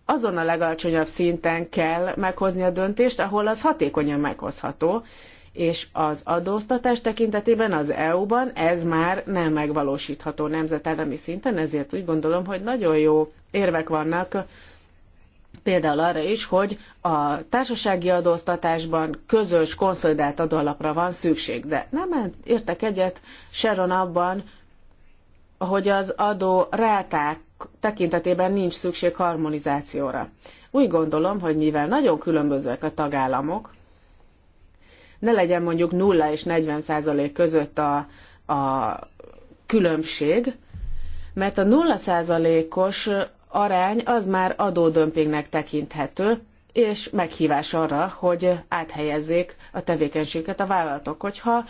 azon a legalacsonyabb szinten kell meghozni a döntést, ahol az hatékonyan meghozható, és az adóztatás tekintetében az EU-ban ez már nem megvalósítható nemzetállami szinten, ezért úgy gondolom, hogy nagyon jó érvek vannak például arra is, hogy a társasági adóztatásban közös, konszolidált adóalapra van szükség. De nem értek egyet Sharon abban, hogy az adó ráták tekintetében nincs szükség harmonizációra. Úgy gondolom, hogy mivel nagyon különbözőek a tagállamok, ne legyen mondjuk 0 és 40 százalék között a, a különbség, mert a 0 százalékos arány az már adódömpingnek tekinthető, és meghívás arra, hogy áthelyezzék a tevékenységet a vállalatok. Hogyha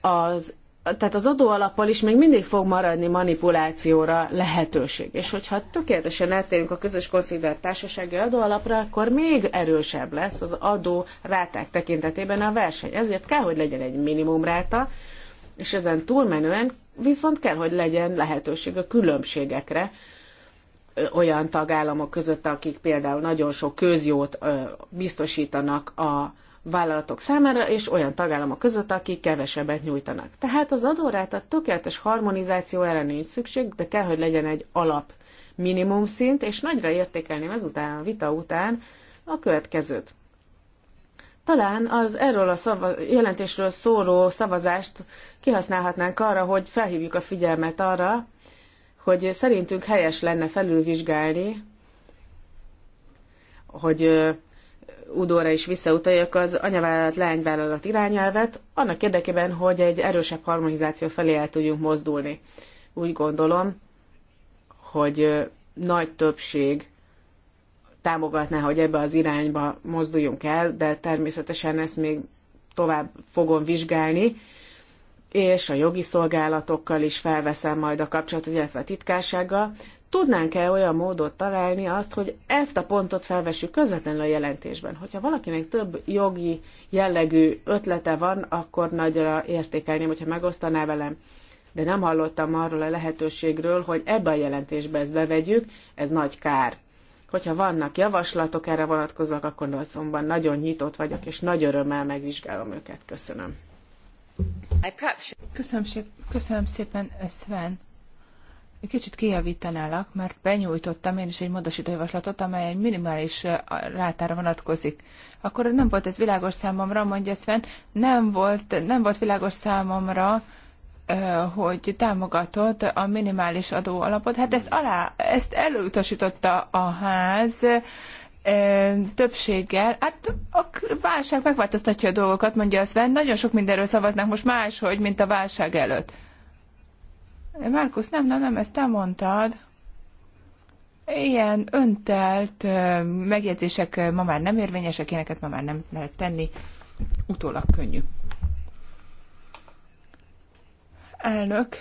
az tehát az adóalappal is még mindig fog maradni manipulációra lehetőség. És hogyha tökéletesen eltérünk a közös konszidert társasági adóalapra, akkor még erősebb lesz az adó ráták tekintetében a verseny. Ezért kell, hogy legyen egy minimumráta, és ezen túlmenően viszont kell, hogy legyen lehetőség a különbségekre, olyan tagállamok között, akik például nagyon sok közjót biztosítanak a vállalatok számára, és olyan tagállamok között, akik kevesebbet nyújtanak. Tehát az a tökéletes harmonizáció erre nincs szükség, de kell, hogy legyen egy alap minimum szint, és nagyra értékelném ezután, a vita után a következőt. Talán az erről a szava- jelentésről szóró szavazást kihasználhatnánk arra, hogy felhívjuk a figyelmet arra, hogy szerintünk helyes lenne felülvizsgálni, hogy udóra is visszautaljak az anyavállalat lányvállalat irányelvet, annak érdekében, hogy egy erősebb harmonizáció felé el tudjunk mozdulni. Úgy gondolom, hogy nagy többség támogatná, hogy ebbe az irányba mozduljunk el, de természetesen ezt még tovább fogom vizsgálni, és a jogi szolgálatokkal is felveszem majd a kapcsolatot, illetve a titkársággal, tudnánk-e olyan módot találni azt, hogy ezt a pontot felvessük közvetlenül a jelentésben? Hogyha valakinek több jogi jellegű ötlete van, akkor nagyra értékelném, hogyha megosztaná velem. De nem hallottam arról a lehetőségről, hogy ebbe a jelentésbe ezt bevegyük, ez nagy kár. Hogyha vannak javaslatok erre vonatkozóak, akkor azonban nagyon nyitott vagyok, és nagy örömmel megvizsgálom őket. Köszönöm. Köszönöm, köszönöm szépen, Sven. Kicsit kijavítanálak, mert benyújtottam én is egy módosítójavaslatot, amely egy minimális rátára vonatkozik. Akkor nem volt ez világos számomra, mondja Sven, nem volt, nem volt világos számomra, hogy támogatott a minimális adóalapot. Hát ezt alá, ezt elutasította a ház, többséggel, hát a válság megváltoztatja a dolgokat, mondja a Sven, nagyon sok mindenről szavaznak most máshogy, mint a válság előtt. Márkusz, nem, nem, nem, ezt te mondtad. Ilyen öntelt megjegyzések ma már nem érvényesek, éneket ma már nem lehet tenni. Utólag könnyű. Elnök,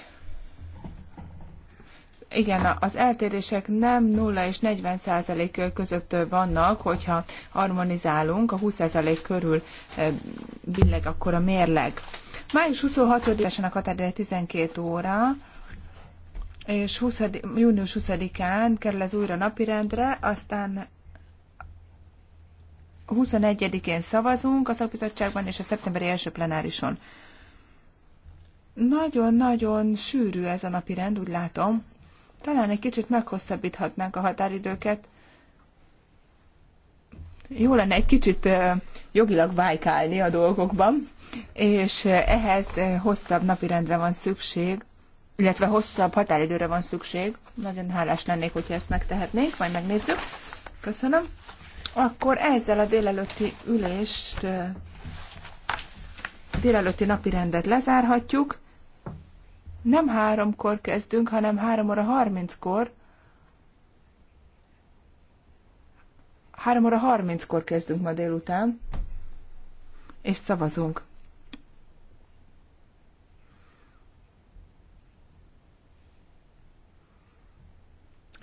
igen, az eltérések nem 0 és 40 százalék között vannak, hogyha harmonizálunk, a 20 százalék körül eh, billeg akkor a mérleg. Május 26-án a határideje 12 óra, és 20, június 20-án kerül ez újra napirendre, aztán 21-én szavazunk a szakbizottságban és a szeptemberi első plenárison. Nagyon-nagyon sűrű ez a napi rend, úgy látom. Talán egy kicsit meghosszabbíthatnánk a határidőket. Jó lenne egy kicsit jogilag vájkálni a dolgokban, és ehhez hosszabb napirendre van szükség, illetve hosszabb határidőre van szükség. Nagyon hálás lennék, hogyha ezt megtehetnénk, majd megnézzük. Köszönöm. Akkor ezzel a délelőtti ülést, délelőtti napi rendet lezárhatjuk nem háromkor kezdünk, hanem három óra harminckor. Három óra harminckor kezdünk ma délután, és szavazunk.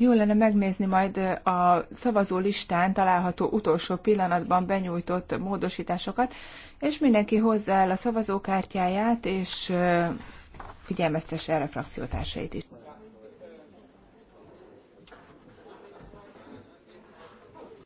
Jó lenne megnézni majd a szavazó listán található utolsó pillanatban benyújtott módosításokat, és mindenki hozzá el a szavazókártyáját, és figyelmeztesse erre a frakciótársait is.